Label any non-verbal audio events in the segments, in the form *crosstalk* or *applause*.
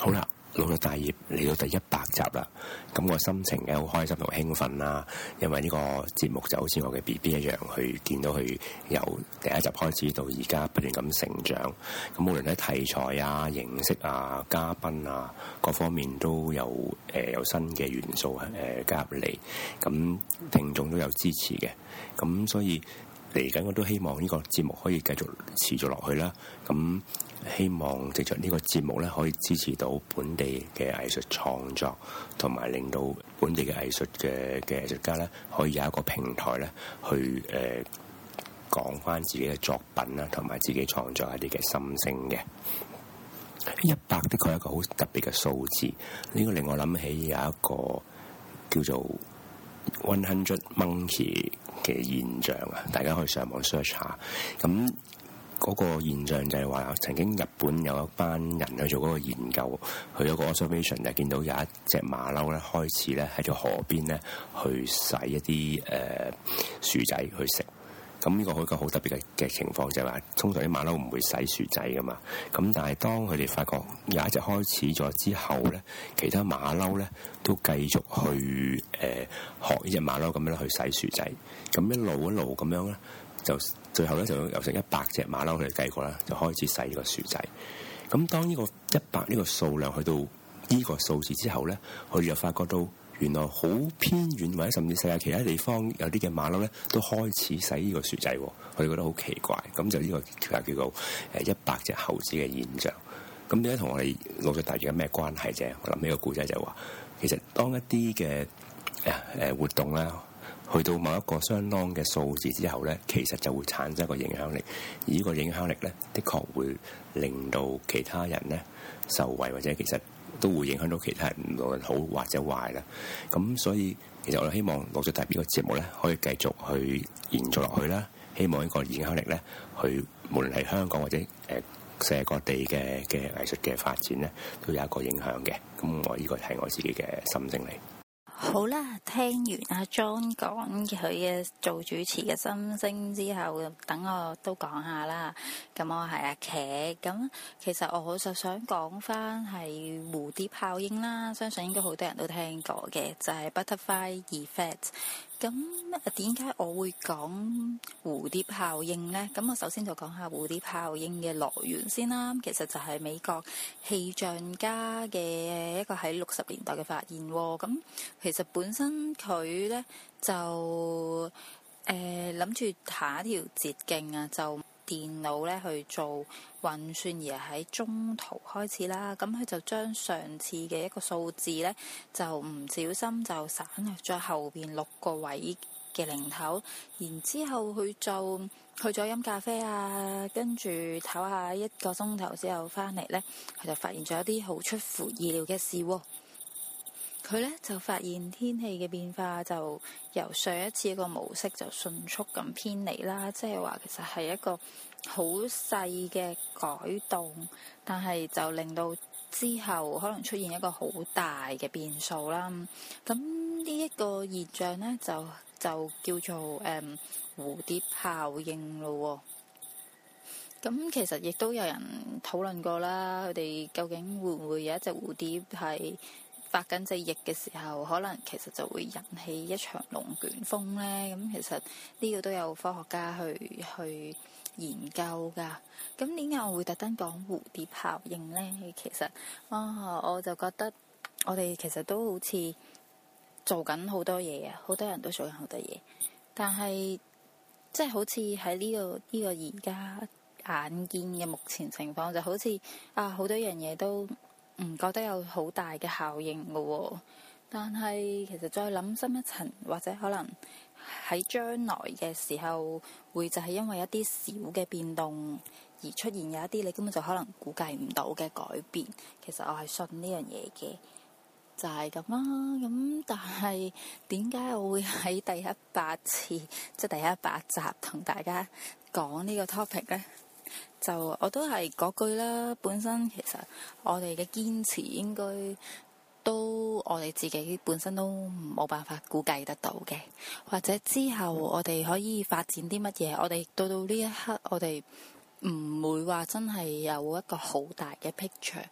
好啦，腦作大，大業嚟到第一百集啦！咁我心情嘅好開心同興奮啦，因為呢個節目就好似我嘅 B B 一樣，去見到佢由第一集開始到而家不斷咁成長。咁無論喺題材啊、形式啊、嘉賓啊各方面都有誒、呃、有新嘅元素誒、呃、加入嚟，咁聽眾都有支持嘅，咁所以。嚟緊我都希望呢個節目可以繼續持續落去啦。咁希望藉著呢個節目咧，可以支持到本地嘅藝術創作，同埋令到本地嘅藝術嘅嘅藝術家咧，可以有一個平台咧，去誒講翻自己嘅作品啦，同埋自己創作一啲嘅心聲嘅。一百的確係一個好特別嘅數字，呢個令我諗起有一個叫做 One Hundred Monkey。嘅現象啊，大家可以上網 search 下。咁、嗰個現象就係話曾經日本有一班人去做個研究，去咗個 observation 就見到有一隻馬騮咧開始咧喺條河邊咧去洗一啲誒、呃、薯仔去食。咁呢個係一個好特別嘅嘅情況，就係，就係話通常啲馬騮唔會洗薯仔噶嘛，咁但係當佢哋發覺有一隻開始咗之後咧，其他馬騮咧都繼續去誒、呃、學呢隻馬騮咁樣去洗薯仔，咁一路一路咁樣咧，就最後咧就由成一百隻馬騮佢哋計過啦，就開始洗呢個薯仔。咁當呢、呢個一百呢個數量去到呢個數字之後咧，佢哋就發覺到。原來好偏遠或者甚至世界其他地方有啲嘅馬騮咧，都開始使呢個薯仔，佢哋覺得好奇怪。咁就呢個就叫做誒一百隻猴子嘅現象。咁點解同我哋腦作大業有咩關係啫？我諗呢個故仔就話，其實當一啲嘅誒誒活動啦，去到某一個相當嘅數字之後咧，其實就會產生一個影響力。而呢個影響力咧，的確會令到其他人咧受惠，或者其實。都會影響到其他人，無論好或者壞啦。咁所以，其實我哋希望腦作大業個節目咧，可以繼續去延續落去啦。希望呢個影響力咧，去無論係香港或者誒世界各地嘅嘅藝術嘅發展咧，都有一個影響嘅。咁我呢個係我自己嘅心聲嚟。好啦，聽完阿 John 講佢嘅做主持嘅心聲之後，等我都講下啦。咁、嗯、我係阿劇咁，其實我好就想講翻係蝴蝶效應啦，相信應該好多人都聽過嘅，就係、是、Butterfly Effect。咁點解我會講蝴蝶效應呢？咁我首先就講下蝴蝶效應嘅來源先啦、啊。其實就係美國氣象家嘅一個喺六十年代嘅發現。咁其實本身佢呢，就誒諗住下一條捷徑啊，就。電腦咧去做運算，而喺中途開始啦，咁佢就將上次嘅一個數字呢，就唔小心就省略咗後邊六個位嘅零頭，然之後去做，去咗飲咖啡啊，跟住唞下一個鐘頭之後翻嚟呢，佢就發現咗一啲好出乎意料嘅事喎、啊。佢咧就發現天氣嘅變化，就由上一次一個模式就迅速咁偏離啦。即係話其實係一個好細嘅改動，但係就令到之後可能出現一個好大嘅變數啦。咁呢一個現象咧就就叫做誒、嗯、蝴蝶效應咯。咁其實亦都有人討論過啦，佢哋究竟會唔會有一隻蝴蝶係發緊隻翼嘅時候，可能其實就會引起一場龍捲風呢。咁其實呢個都有科學家去去研究噶。咁點解我會特登講蝴蝶效應呢？其實啊、哦，我就覺得我哋其實都好似做緊好多嘢啊，好多人都做緊好多嘢。但係即係好似喺呢個呢、呢個而家眼見嘅目前情況，就好似啊好多樣嘢都。唔覺得有好大嘅效應嘅喎、哦，但係其實再諗深一層，或者可能喺將來嘅時候，會就係因為一啲小嘅變動而出現有一啲你根本就可能估計唔到嘅改變。其實我係信呢樣嘢嘅，就係咁啦。咁但係點解我會喺第一百次，即係第一百集同大家講呢個 topic 呢？就我都係嗰句啦，本身其實我哋嘅堅持應該都我哋自己本身都冇辦法估計得到嘅，或者之後我哋可以發展啲乜嘢，我哋到到呢一刻我哋唔會話真係有一個好大嘅 picture，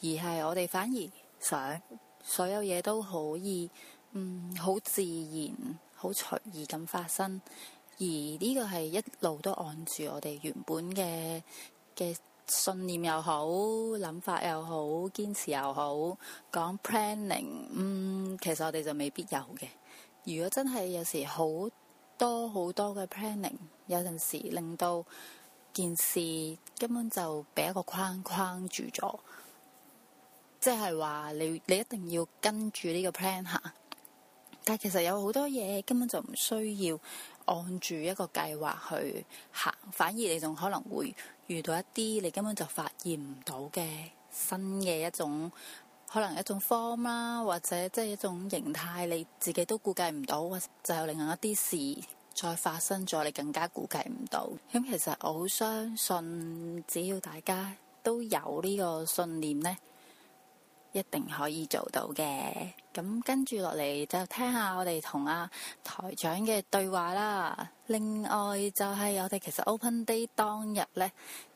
而係我哋反而想所有嘢都可以嗯好自然，好隨意咁發生。而呢個係一路都按住我哋原本嘅嘅信念又好，諗法又好，堅持又好。講 planning，嗯，其實我哋就未必有嘅。如果真係有時好多好多嘅 planning，有陣時令到件事根本就俾一個框框住咗，即係話你你一定要跟住呢個 plan 吓。但係其實有好多嘢根本就唔需要。按住一個計劃去行，反而你仲可能會遇到一啲你根本就發現唔到嘅新嘅一種可能，一種 form 啦，或者即係一種形態你自己都估計唔到，或者就係另外一啲事再發生咗，你更加估計唔到。咁其實我好相信，只要大家都有呢個信念咧。一定可以做到嘅，咁跟住落嚟就聽下我哋同阿台長嘅對話啦。另外就係我哋其實 Open Day 當日呢，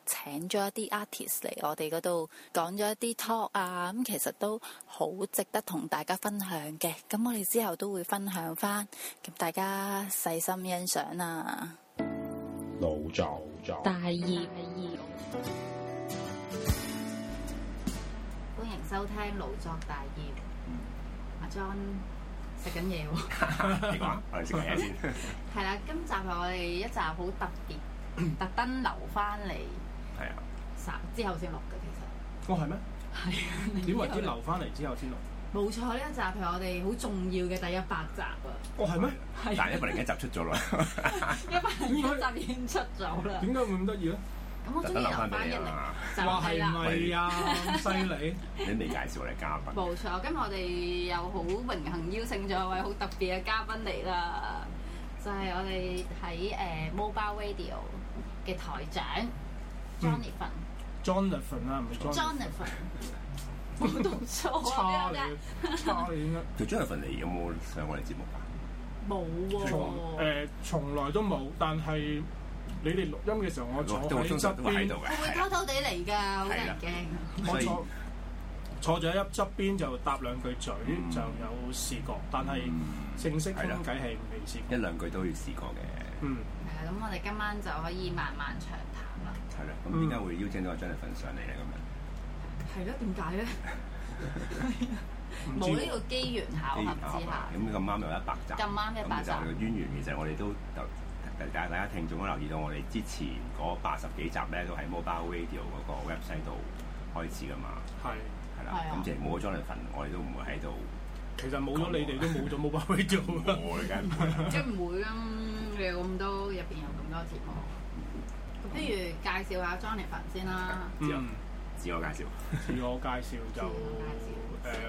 請咗一啲 artist 嚟我哋嗰度講咗一啲 talk 啊，咁其實都好值得同大家分享嘅。咁我哋之後都會分享翻，咁大家細心欣賞啊。腦作，大業。收聽腦作大業，阿 John 食緊嘢喎。你講，我食埋嘢先。係啦，今集係我哋一集好特別，特登留翻嚟。係啊，十之後先錄嘅其實。哦，係咩？係。點為之留翻嚟之後先錄？冇錯，呢一集係我哋好重要嘅第一百集啊。哦，係咩？係。但係一百零一集出咗啦。一百零一集已經出咗啦。點解會咁得意咧？意諗翻你名，就係唔係啊？犀利，你未介紹我哋嘉賓？冇錯，今日我哋又好榮幸邀請咗一位好特別嘅嘉賓嚟啦，就係、是、我哋喺誒 Mobile Radio 嘅台長 Jonathan、嗯。Jonathan 啊，唔係 Jon Jonathan。讀錯差遠啦！其實 Jonathan 你有冇上我哋節目啊？冇喎。誒，從來都冇，但係。你哋錄音嘅時候，我坐喺側邊，我會偷偷地嚟㗎？好驚！我坐坐咗喺一側邊就搭兩句嘴就有試過，但係正式傾偈係未試過。一兩句都要試過嘅。嗯，係啊，咁我哋今晚就可以慢慢長談啦。係啦，咁點解會邀請到 Jonathan 上嚟咧？咁樣係咯，點解咧？冇呢個機緣巧合之下，咁咁啱有一百集，咁啱一百集嘅淵源，其實我哋都就。其實大家聽眾都留意到，我哋之前嗰八十幾集咧都喺 Mobile Radio 嗰個 website 度開始噶嘛。係係啦，咁即係冇咗 Jonathan 我哋都唔會喺度。其實冇咗你哋都冇咗 Mobile Radio 冇辦法做啊！即係唔會啊！有咁多入邊有咁多節目，不如介紹下 Jonathan 先啦。嗯，自我介紹。自我介紹就介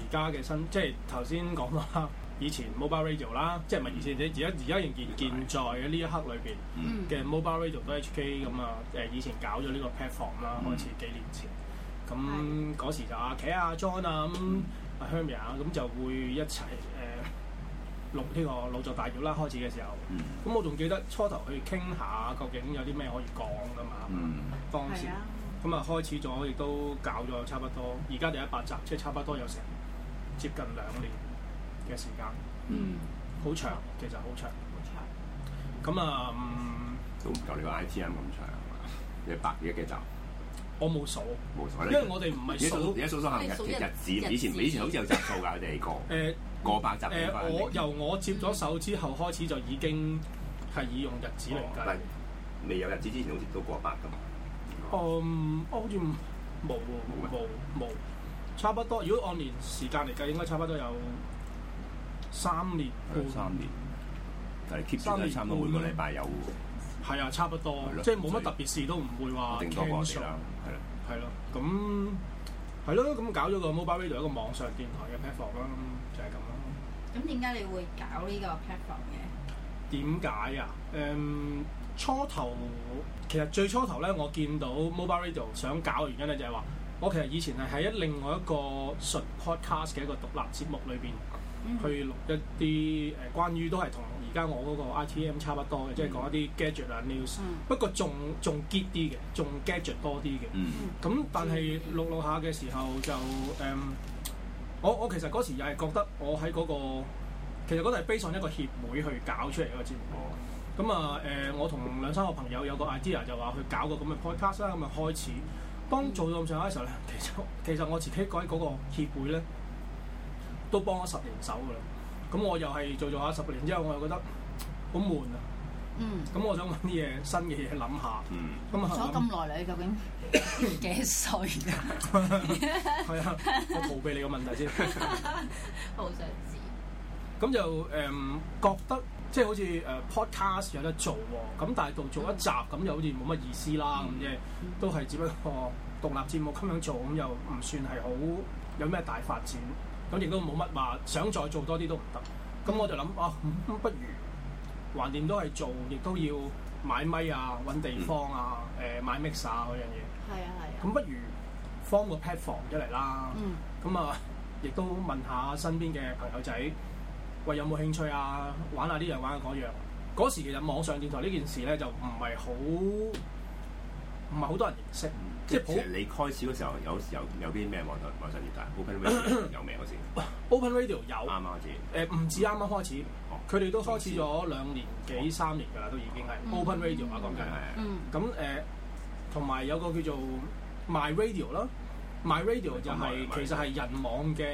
誒，而家嘅新即係頭先講啦。以前 mobile radio 啦，即係唔係以前而家而家仍然健在嘅呢一刻裏邊嘅 mobile radio 都 HK 咁、嗯、啊，誒以前搞咗呢個 platform 啦、嗯，開始幾年前，咁、嗯、嗰的時就阿 K 啊、John、嗯、啊、咁阿 Hermia 啊，咁就會一齊誒錄呢個腦作大業啦，開始嘅時候，咁、嗯、我仲記得初頭去傾下究竟有啲咩可以講噶嘛，嗯、當時，咁啊的開始咗亦都搞咗差不多，而家第一百集即係差不多有成接近兩年。嘅時間，嗯，好長，其實好長，咁啊，都唔夠你個 I T M 咁長。你百幾幾集？我冇數，冇數，因為我哋唔係數而家數數下日日子，以前以前好似有集數㗎，我哋過誒過百集嘅。我由我接咗手之後開始，就已經係以用日子嚟計。未有日子之前，好似都過百㗎嘛。哦，我好似冇冇冇，差不多。如果按年時間嚟計，應該差不多有。三年，年，三年，但係 keep 住都差唔多每個禮拜有喎。係啊，差不多，了即係冇乜特別事以都唔會話停上。係咯，係咯、啊，咁係咯，咁搞咗個 Mobile Radio 一個網上電台嘅 platform 啦，就係咁啦。咁點解你會搞呢個 platform 嘅？點解啊？誒，初頭其實最初頭咧，我見到 Mobile Radio 想搞嘅原因就係話，我其實以前係喺另外一個純 podcast 嘅一個獨立節目裏邊。去錄一啲誒，關於都係同而家我嗰個 ITM 差不多嘅，即係講一啲 gadget 啊 news，嗯。不過仲仲 get 啲嘅，仲 gadget 多啲嘅。咁、嗯、但係錄一錄一下嘅時候就誒、嗯，我我其實嗰時又係覺得我喺嗰、嗰個，其實嗰度係 based on 一個協會去搞出嚟個節目。咁啊誒，我同兩三個朋友有個 idea 就話去搞個咁嘅 podcast 啦、嗯，咁啊開始。當做到咁上下嘅時候咧，嗯、其實其實我自己改嗰個協會咧。都幫咗十年手噶啦，咁我又係做做下十年之後，我又覺得好悶啊。嗯。咁我想揾啲嘢新嘅嘢諗下。嗯。咁啊，做咗咁耐，你究竟幾歲啊？係啊。我逃避你個問題先。好想知。咁就誒覺得即係好似誒 podcast 有得做喎，咁但係做做一集咁又好似冇乜意思啦，咁即係，都係只不過獨立節目咁樣做，咁又唔算係好有咩大發展。咁亦都冇乜話，想再做多啲都唔得。咁我就諗啊，不如橫掂都係做，亦都要買咪啊、揾地方啊、誒買 mixer 嗰樣嘢。係啊係。咁不如放個 pad 房出嚟啦。咁啊，亦都問下身邊嘅朋友仔，喂，有冇興趣啊？玩下呢樣，玩下嗰樣。嗰時其實網上電台呢件事咧就唔係好唔係好多人認識。即係你開始嗰時候有有有啲咩網台網上節目 Open Radio 有咩？好似 Open Radio 有，啱啱開始。誒唔止啱啱開始，佢哋都開始咗兩年幾三年㗎啦，都已經係。Open Radio 啊，講緊係。咁誒，同埋有個叫做 My Radio 啦，My Radio 又係其實係人網嘅，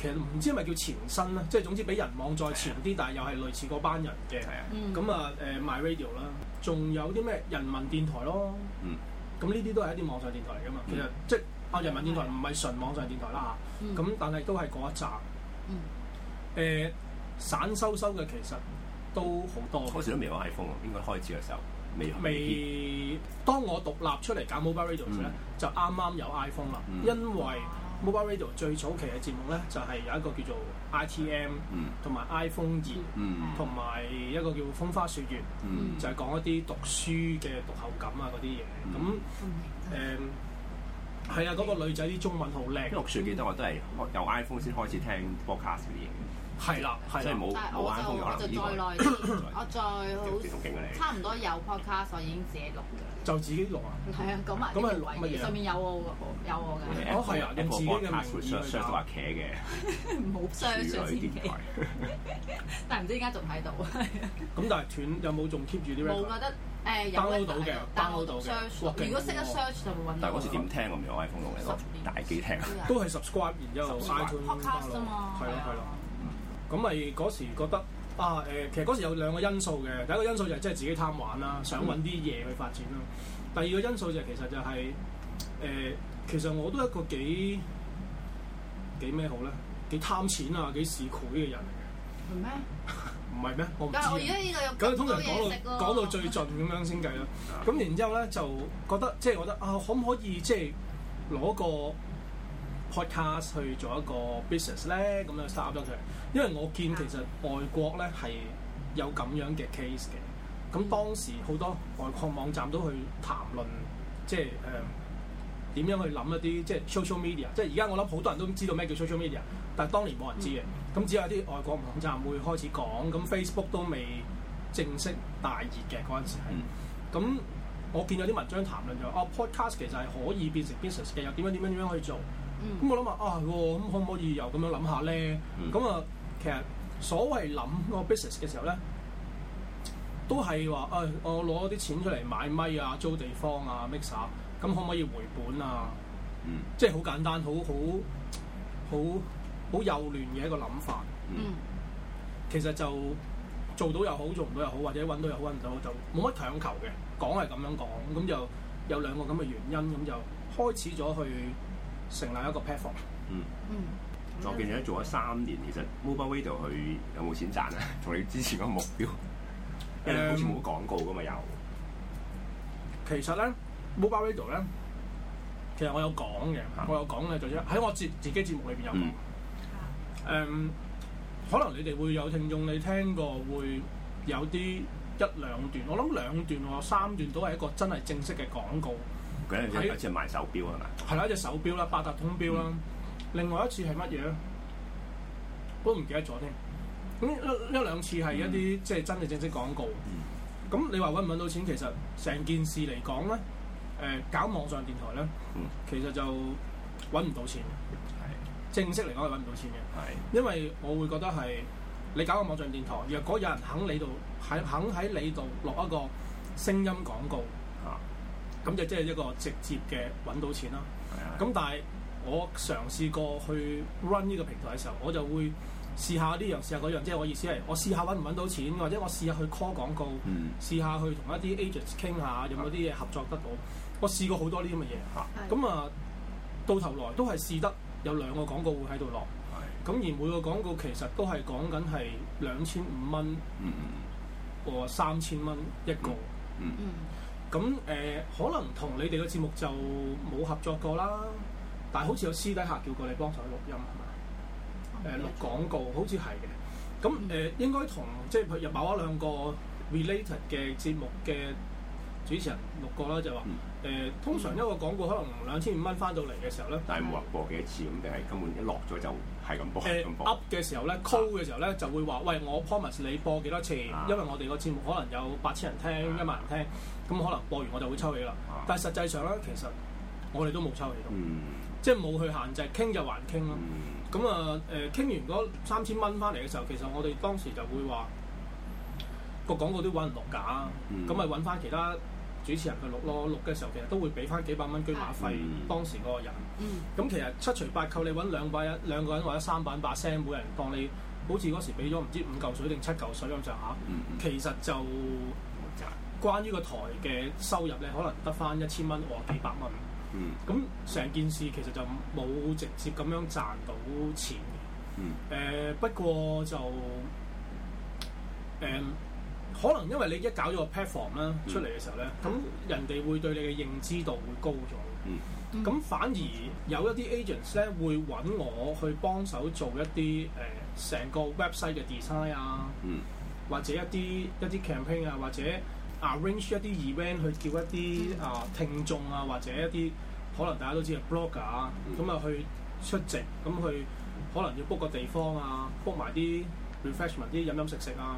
其實唔知係咪叫前身啦，即係總之比人網再前啲，但係又係類似嗰班人嘅。係啊。咁啊誒，My Radio 啦，仲有啲咩人民電台咯。嗯。咁呢啲都係一啲網上電台嚟㗎嘛？嗯、其實即係啊，人民電台唔係純網上電台啦嚇。咁、嗯、但係都係嗰一集。誒、嗯呃，散收收嘅其實都好多。嗰時都未有 iPhone 喎，應該開始嘅時候未。未，未，當我獨立出嚟搞 Mobile Radio 咧，嗯、就啱啱有 iPhone 啦，嗯、因為。Mobile Radio 最早期嘅節目咧，就係有一個叫做 ITM，同埋 iPhone 二，同埋一個叫風花雪月，就係講一啲讀書嘅讀後感啊嗰啲嘢。咁誒係啊，嗰個女仔啲中文好叻。因為我最記得我都係由 iPhone 先開始聽 Podcast 嘅啲嘢。係啦，所以冇。我就再耐我再好嘅。差唔多有 Podcast 我已經自己錄嘅。就自己錄，係啊，講埋。咁啊，上面有我有我嘅，哦，係啊，你自己嘅，唔係我嘅。唔好 search 自己，但係唔知點解仲喺度。咁但係斷，有冇仲 keep 住啲？冇覺得，誒有嘅，download 到嘅，download 到。如果識得 search 就會揾到。但係嗰時點聽咁樣 iPhone 六嘅咯，大機聽，都係 subscribe 然之後。Podcast 啫嘛。係啊，係咯。咁咪嗰時覺得。啊誒、呃，其實嗰時有兩個因素嘅，第一個因素就係真係自己貪玩啦，想揾啲嘢去發展啦。嗯、第二個因素就係、其實就係、是、誒、呃，其實我都一個幾幾咩好咧，幾貪錢啊，幾嗜賄嘅人嚟嘅。係咩嗎？唔係咩？我唔知。咁你通常講到講到最盡咁樣先計啦。咁、嗯、然之後咧就覺得即係、我、覺得啊，可唔可以即係攞個？podcast 去做一個 business 咧，咁樣 start 咗出嚟。Okay. 因為我見其實外國咧係有咁樣嘅 case 嘅。咁當時好多外國網站都去談論，即係誒點樣去諗一啲即係 social media。即係而家我諗好多人都知道咩叫 social media，但係當年冇人知嘅。咁、嗯、只有啲外國網站會開始講。咁 Facebook 都未正式大熱嘅嗰陣時，咁我見有啲文章談論咗啊 podcast 其實係可以變成 business 嘅，又點樣點樣點樣去做。咁我諗啊，啊咁、嗯嗯哎哦、可唔可以又咁樣諗下咧？咁啊、嗯嗯嗯，其實所謂諗個 business 嘅時候咧，都係話誒，我攞啲錢出嚟買咪啊、租地方啊、mix 啊、er, 嗯，咁、嗯嗯、可唔可以回本啊？嗯、即係好簡單，好好好好幼嫩嘅一個諗法。嗯，其實就做到又好，做唔到又好，或者揾到又好，揾唔到好就冇乜強求嘅。講係咁樣講，咁就有兩個咁嘅原因，咁就，就開始咗去。成立一個 platform，嗯，嗯，我見你都做咗三年，其實 Mobile Radio 佢有冇錢賺啊？同你之前嗰個目標，因為你冇廣告噶嘛，有。其實咧，Mobile Radio 咧，其實我有講嘅，啊、我有講嘅，就喺我自自己節目裏邊有。誒、嗯嗯，可能你哋會有聽眾，你聽過會有啲一兩段，我諗兩段或三段都係一個真係正式嘅廣告。嗰一次係賣手錶係嘛？係啦吧，一隻手錶啦，八達通錶啦。嗯、另外一次係乜嘢咧？我都唔記得咗添。咁、嗯、一一兩次係一啲、嗯、即係真嘅正式廣告。咁、嗯、你話揾唔揾到錢？其實成件事嚟講咧，誒、呃、搞網上電台咧，嗯、其實就揾唔到錢嘅。嗯、正式嚟講係揾唔到錢嘅。的因為我會覺得係你搞個網上電台，若果有人肯，肯你度喺肯喺你度落一個聲音廣告。咁就即係一個直接嘅揾到錢啦。咁的、嗯、但係我嘗試過去 run 呢個平台嘅時候，我就會試下呢樣，試下嗰樣，即係我意思係我試下揾唔揾到錢，或者我試下去 call 廣告，嗯、試下去同一啲 agents 傾下，有冇啲嘢合作得到。我試過好多呢啲咁嘅嘢。咁的啊，到頭來都係試得有兩個廣告會喺度落。咁的而每個廣告其實都係講緊係兩千五蚊，或三千蚊一個。嗯嗯嗯咁誒，可能同你哋個節目就冇合作過啦，但係好似有私底下叫過你幫手去錄音係嘛？誒錄廣告好似係嘅。咁誒應該同即係入某一兩個 related 嘅節目嘅主持人錄過啦，就話誒。通常一個廣告可能兩千五蚊返到嚟嘅時候咧，但係冇話播幾多次咁，定係根本一落咗就係咁播咁 Up 嘅時候咧，call 嘅時候咧就會話：喂，我 promise 你播幾多次，因為我哋個節目可能有八千人聽，一萬人聽。咁可能播完我就會抽起啦，啊、但係實際上咧，其實我哋都冇抽起到，嗯、即係冇去限制，傾就還傾咯、啊。咁啊誒，傾、呃、完嗰三千蚊翻嚟嘅時候，其實我哋當時就會話、這個廣告都揾唔落架，咁咪揾翻其他主持人去錄咯。錄嘅時候其實都會俾翻幾百蚊居馬費、嗯、當時嗰、嗯嗯、個人。咁其實七除八扣你揾兩百一兩個人或者三百把聲，每人當你好似嗰時俾咗唔知五嚿水定七嚿水咁上下，其實就～關於個台嘅收入咧，可能得返一千蚊我幾百蚊。嗯。咁成件事其實就冇直接咁樣賺到錢嘅。嗯。誒、呃、不過就誒、呃、可能因為你一搞咗個 platform 啦出嚟嘅時候咧，咁、嗯、人哋會對你嘅認知度會高咗。嗯。咁反而有一啲 agents 咧會揾我去幫手做一啲誒成個 website 嘅 design 啊，嗯。或者一啲一啲 campaign 啊，或者。Arrange 一啲 event 去叫一啲、嗯、啊聽眾啊或者一啲可能大家都知係 blogger 啊咁、嗯、啊去出席咁、啊、去可能要 book 個地方啊 book 埋啲 refreshment 啲飲飲食食啊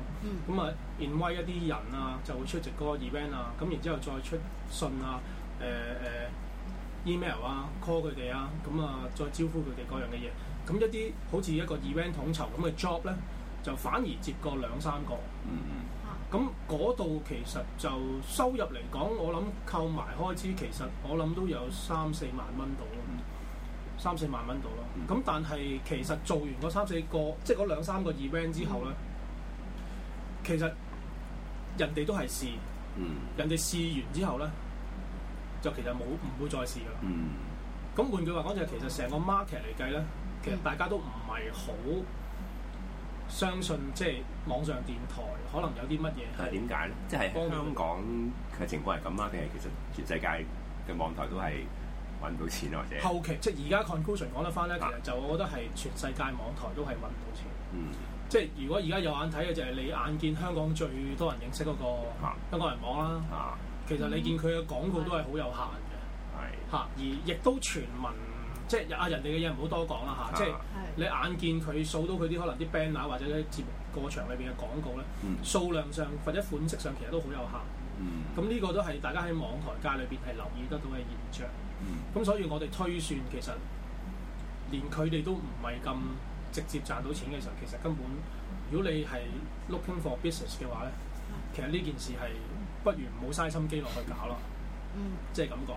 咁啊 invite 一啲人啊就會出席嗰個 event 啊咁、啊、然之後再出信啊誒誒、呃呃、email 啊 call 佢哋啊咁啊，啊再招呼佢哋各樣嘅嘢咁一啲好似一個 event 統籌咁嘅 job 咧就反而接過兩三個。嗯咁嗰度其實就收入嚟講，我諗扣埋開支，其實我諗都有三四萬蚊到咯，三四萬蚊到咯。咁但係其實做完嗰三四個，即係嗰兩三個 event 之後咧，其實人哋都係試，嗯、人哋試完之後咧，就其實冇唔會再試㗎喇。咁、嗯、換句話講就係，其實成個 market 嚟計咧，其實大家都唔係好。相信即係網上電台可能有啲乜嘢？係點解咧？即係香港嘅情況係咁啦。定係其實全世界嘅網台都係揾唔到錢啊？或者後期即係而家 conclusion 講得翻咧，啊、其實就我覺得係全世界網台都係揾唔到錢。嗯。即係如果而家有眼睇嘅就係、是、你眼見香港最多人認識嗰個香港人網啦、啊。啊。其實你見佢嘅廣告都係好有限嘅。係、嗯。嚇、啊！而亦都全民。即係人哋嘅嘢唔好多講啦嚇，即係、啊、的你眼見佢掃到佢啲可能啲 banner 或者啲節目過場裏邊嘅廣告咧，嗯、數量上或者款式上其實都好有限。咁呢、嗯、個都係大家喺網台界裏邊係留意得到嘅現象。咁、嗯、所以我哋推算其實連佢哋都唔係咁直接賺到錢嘅時候，其實根本如果你係 looking for business 嘅話咧，其實呢件事係不如唔好嘥心機落去搞咯。即係咁講。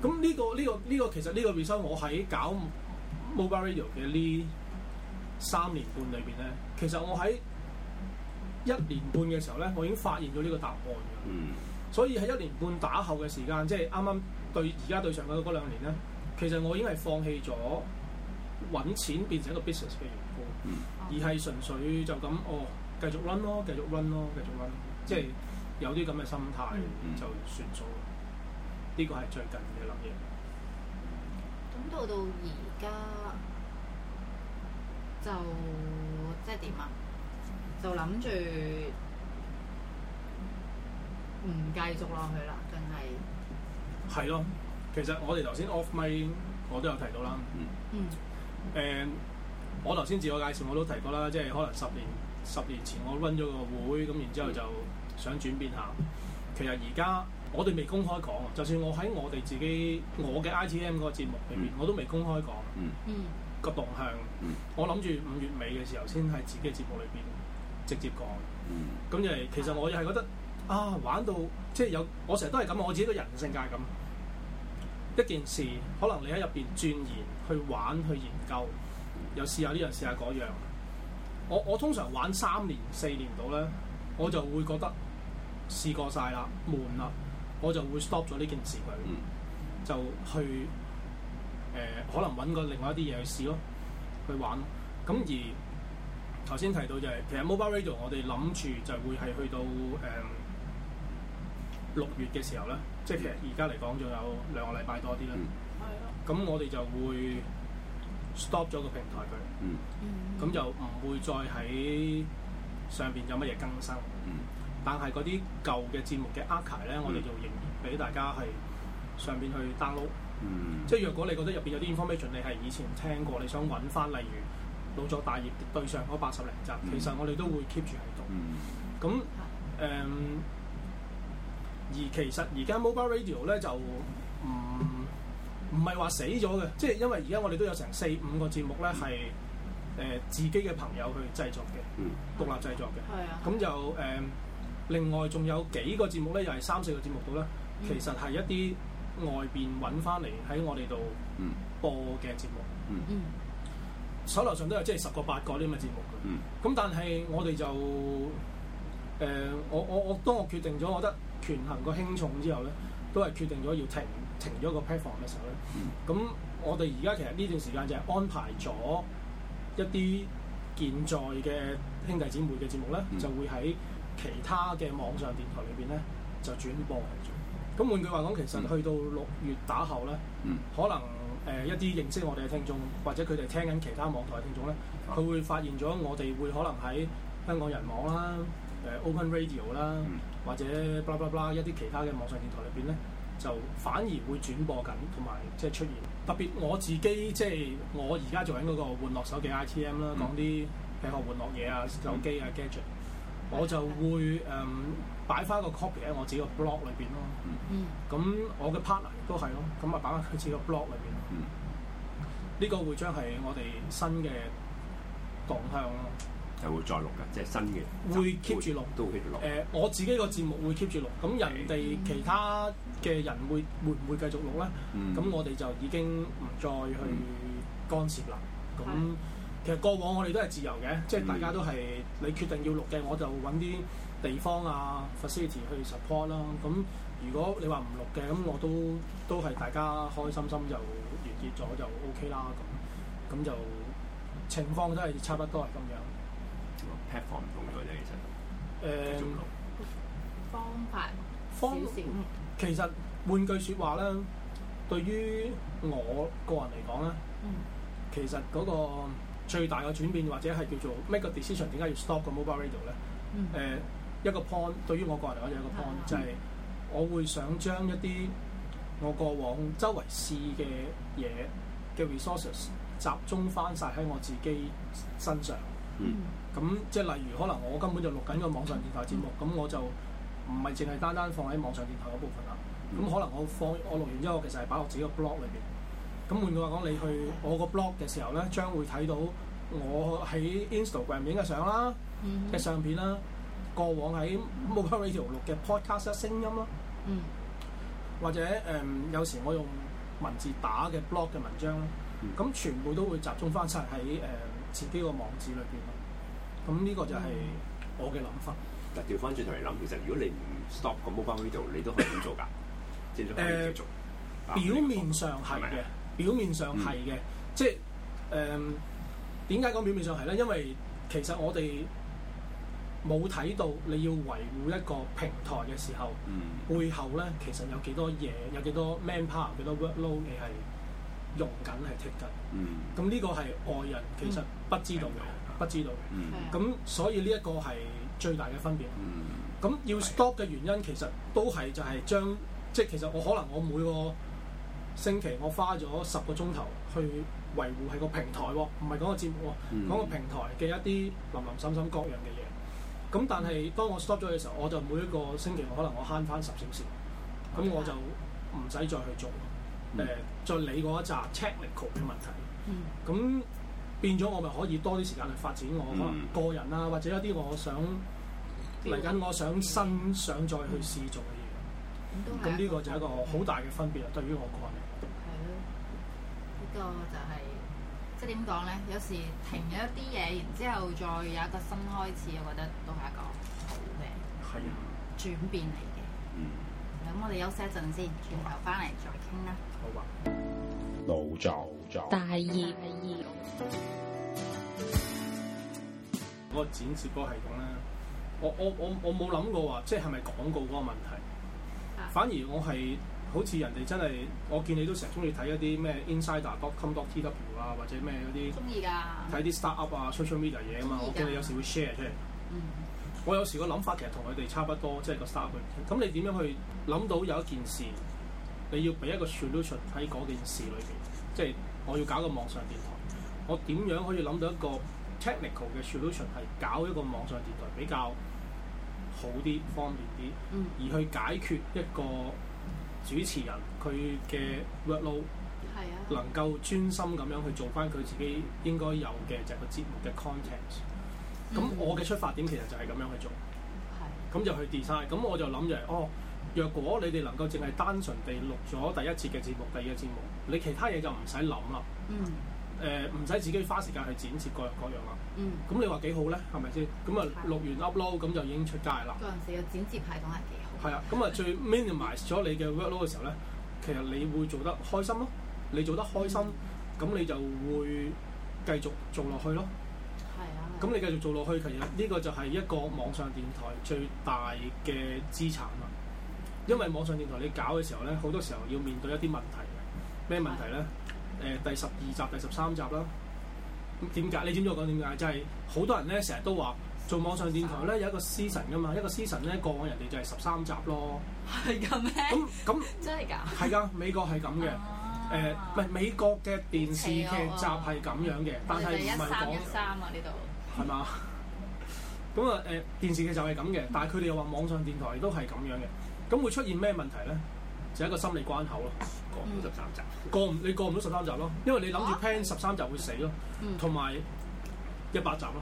咁呢、呢個呢、呢個呢個其實呢個回收，我喺搞 mobile radio 嘅呢三年半裏邊咧，其實我喺一年半嘅時候咧，我已經發現咗呢個答案㗎。嗯、所以喺一年半打後嘅時間，即係啱啱對而家對上嘅嗰兩年咧，其實我已經係放棄咗揾錢變成一個 business 嘅員工，嗯、而係純粹就咁哦繼續 run 咯，繼續 run 咯，繼續 run，繼續 run、嗯、即係有啲咁嘅心態，嗯、就算數。呢個係最近嘅諗嘢。咁到到而家就即係點啊？就諗住唔繼續落去啦，定係？係咯，其實我哋頭先 off mic 我都有提到啦。嗯嗯。嗯呃、我頭先自我介紹我都提過啦，即係可能十年十年前我 run 咗個會，咁然之後就想轉變下。嗯、其實而家。我哋未公開講啊！就算我喺我哋自己我嘅 ITM 嗰個節目裏邊，我都未公開講。嗯，個動向，我諗住五月尾嘅時候先喺自己嘅節目裏邊直接講。咁就係、是、其實我係覺得啊，玩到即係有我成日都係咁我自己個人性格係咁，一件事可能你喺入邊鑽研去玩去研究，又試下呢樣試下嗰樣，我我通常玩三年四年到咧，我就會覺得試過晒啦，悶啦。我就會 stop 咗呢件事佢，嗯、就去誒、呃、可能揾個另外一啲嘢去試咯，去玩。咁而頭先提到就係、是、其實 Mobile Radio 我哋諗住就會係去到誒六、嗯、月嘅時候咧，嗯、即係其實而家嚟講仲有兩個禮拜多啲咧。咁、嗯、我哋就會 stop 咗個平台佢。咁、嗯、就唔會再喺上邊有乜嘢更新。嗯嗯但係嗰啲舊嘅節目嘅 archive 咧，我哋就仍然俾大家係上邊去 download、嗯。即係若果你覺得入邊有啲 information，你係以前聽過，你想揾翻，例如腦作大業對上嗰八十零集，嗯、其實我哋都會 keep 住喺度。咁誒、嗯嗯，而其實而家 Mobile Radio 咧就唔唔係話死咗嘅，即係因為而家我哋都有成四五個節目咧係誒自己嘅朋友去製作嘅，嗯、獨立製作嘅。咁對、啊、就誒。嗯另外仲有幾個節目咧，又係三四個節目度咧，嗯、其實係一啲外邊揾翻嚟喺我哋度播嘅節目。嗯，手頭上都有即係十個八個呢啲咁嘅節目。嗯，咁但係我哋就誒、呃，我我我當我決定咗，我覺得權衡個輕重之後咧，都係決定咗要停停咗個 platform 嘅時候咧。咁、嗯、我哋而家其實呢段時間就係安排咗一啲健在嘅兄弟姊妹嘅節目咧，嗯、就會喺其他嘅網上電台裏邊咧，就轉播係咁。換句話講，其實去到六月打後咧，嗯、可能誒、呃、一啲認識我哋嘅聽眾，或者佢哋聽緊其他網台嘅聽眾咧，佢會發現咗我哋會可能喺香港人網啦、誒、呃、Open Radio 啦，嗯、或者巴拉巴拉一啲其他嘅網上電台裏邊咧，就反而會轉播緊，同埋即係出現。特別我自己即係、就是、我而家做緊嗰個玩樂手機 ITM 啦，IT M，嗯、講啲譬如玩樂嘢啊、手機、嗯、啊、gadget。我就會誒擺翻個 copy 喺我自己個 blog 裏邊咯。嗯，咁我嘅 partner 都係咯，咁啊擺翻佢自己個 blog 裏邊咯。嗯，呢個會將係我哋新嘅動向咯。係會再錄㗎，即係新嘅。會 keep 住錄。都 keep 住錄。誒，我自己個節目會 keep 住錄。咁人哋其他嘅人會會唔會繼續錄咧？嗯。咁我哋就已經唔再去干涉啦。咁。其實過往我哋都係自由嘅，即係大家都係你決定要錄嘅，我就揾啲地方啊 facility 去 support 啦。咁如果你話唔錄嘅，咁我都都係大家開開心心就完結咗就 OK 啦。咁咁就情況都係差不多係咁樣。嗯、方法少少。其實換句説話咧，對於我個人嚟講咧，嗯、其實嗰個。最大嘅轉變或者係叫做 make a decision，點解要 stop 個 mobile radio 咧？誒、嗯呃，一個 point 對於我個人嚟講，就一個 point，、嗯、就係我會想將一啲我過往周圍試嘅嘢嘅 resources 集中翻晒喺我自己身上。咁、嗯、即係例如，可能我根本就錄緊個網上電台節目，咁、嗯、我就唔係淨係單單放喺網上電台嗰部分啦。咁、嗯、可能我放我錄完之後，其實係擺落自己個 blog 裏邊。咁換句話講，你去我個 blog 嘅時候咧，將會睇到我喺 Instagram 影嘅相啦，嘅相、mm hmm. 片啦，過往喺 Mobile Radio 錄嘅 podcast 嘅聲音啦，mm hmm. 或者誒、呃、有時我用文字打嘅 blog 嘅文章啦，咁、mm hmm. 全部都會集中翻晒喺誒自己個網址裏邊咯。咁呢個就係我嘅諗法。嗱、mm，調翻轉頭嚟諗，其實如果你唔 stop 咁 Mobile Radio，你都可以咁做㗎， *coughs* 即係繼續。呃、表面上係嘅。表面上係嘅，嗯、即係誒點解講表面上係咧？因為其實我哋冇睇到你要維護一個平台嘅時候，嗯、背後咧其實有幾多嘢，有幾多 man power，幾多 work load 你係用緊係貼緊。咁呢個係外人其實不知道嘅，嗯、不知道。咁、嗯、所以呢一個係最大嘅分別。咁、嗯、要 stop 嘅原因其實都係就係將的就即係其實我可能我每個星期我花咗十個鐘頭去維護係個平台喎、哦，唔係講個節目喎、哦，講個平台嘅一啲林林總總各樣嘅嘢。咁但係當我 stop 咗嘅時候，我就每一個星期可能我慳返十小時，咁我就唔使再去做，誒、呃、再理嗰一紮 technical 嘅問題。咁變咗我咪可以多啲時間去發展我可能個人啊或者一啲我想嚟緊我想新想再去試做嘅嘢。咁呢、嗯、個就係一個好大嘅分別啊，對於我個人。呢個就係、是、即點講咧？有時停咗一啲嘢，然之後再有一個新開始，我覺得都係一個好嘅轉變嚟嘅。的嗯，咁、嗯、我哋休息一陣先，轉頭翻嚟再傾啦。好吧，老就老，做做大業嘅業。嗰個剪接嗰個系統咧，我我我我冇諗過話，即係係咪廣告嗰個問題？啊、反而我係。好似人哋真係，我見你都成日中意睇一啲咩 insider.com、dot.tw 啊，或者咩嗰啲中意㗎睇啲 start-up 啊、social media 嘢啊嘛。我見你有時會 share 出嚟。嗯、我有時個諗法其實同佢哋差不多，即係個 startup。咁你點樣去諗到有一件事，你要俾一個 solution 喺嗰件事裏邊，即係我要搞個網上電台，我點樣可以諗到一個 technical 嘅 solution 係搞一個網上電台比較好啲、方便啲，嗯、而去解決一個主持人佢嘅 workload、啊、能夠專心咁樣去做翻佢自己應該有嘅就係、是、個節目嘅 content。咁、嗯、我嘅出發點其實就係咁樣去做。咁、啊、就去 design。咁我就諗就係、是、哦，若果你哋能夠淨係單純地錄咗第一節嘅節目、第二嘅節目，你其他嘢就唔使諗啦。誒、嗯，唔使、呃、自己花時間去剪接各樣各樣啦。咁、嗯、你話幾好咧？係咪先？咁啊，錄完 upload 咁就已經出街啦。嗰陣時嘅剪接系統係幾好。係啊，咁啊最 minimize 咗你嘅 workload 嘅時候咧，其實你會做得開心咯。你做得開心，咁你就會繼續做落去咯。係啊。咁你繼續做落去，其實呢個就係一個網上電台最大嘅資產啊嘛。因為網上電台你搞嘅時候咧，好多時候要面對一啲問題嘅。咩問題咧？誒、呃，第十二集、第十三集啦。點解？你知唔知我講點解？就係好多人咧，成日都話。做網上電台咧，有一個 season 噶嘛，一個 season 咧過往人哋就係十三集咯。係㗎咩？咁咁、嗯嗯、真係㗎？係㗎， *laughs* 美國係咁嘅。誒、啊，唔、呃、美國嘅電視劇集係咁樣嘅，但係唔係講。十三、十三啊，呢度。係嘛、啊？咁啊誒，電視劇就係咁嘅，但係佢哋又話網上電台都係咁樣嘅，咁會出現咩問題咧？就係、一個心理關口咯，過唔到十三集，嗯、過唔你過唔到十三集咯，因為你諗住 plan 十三集會死咯，同埋一百集咯。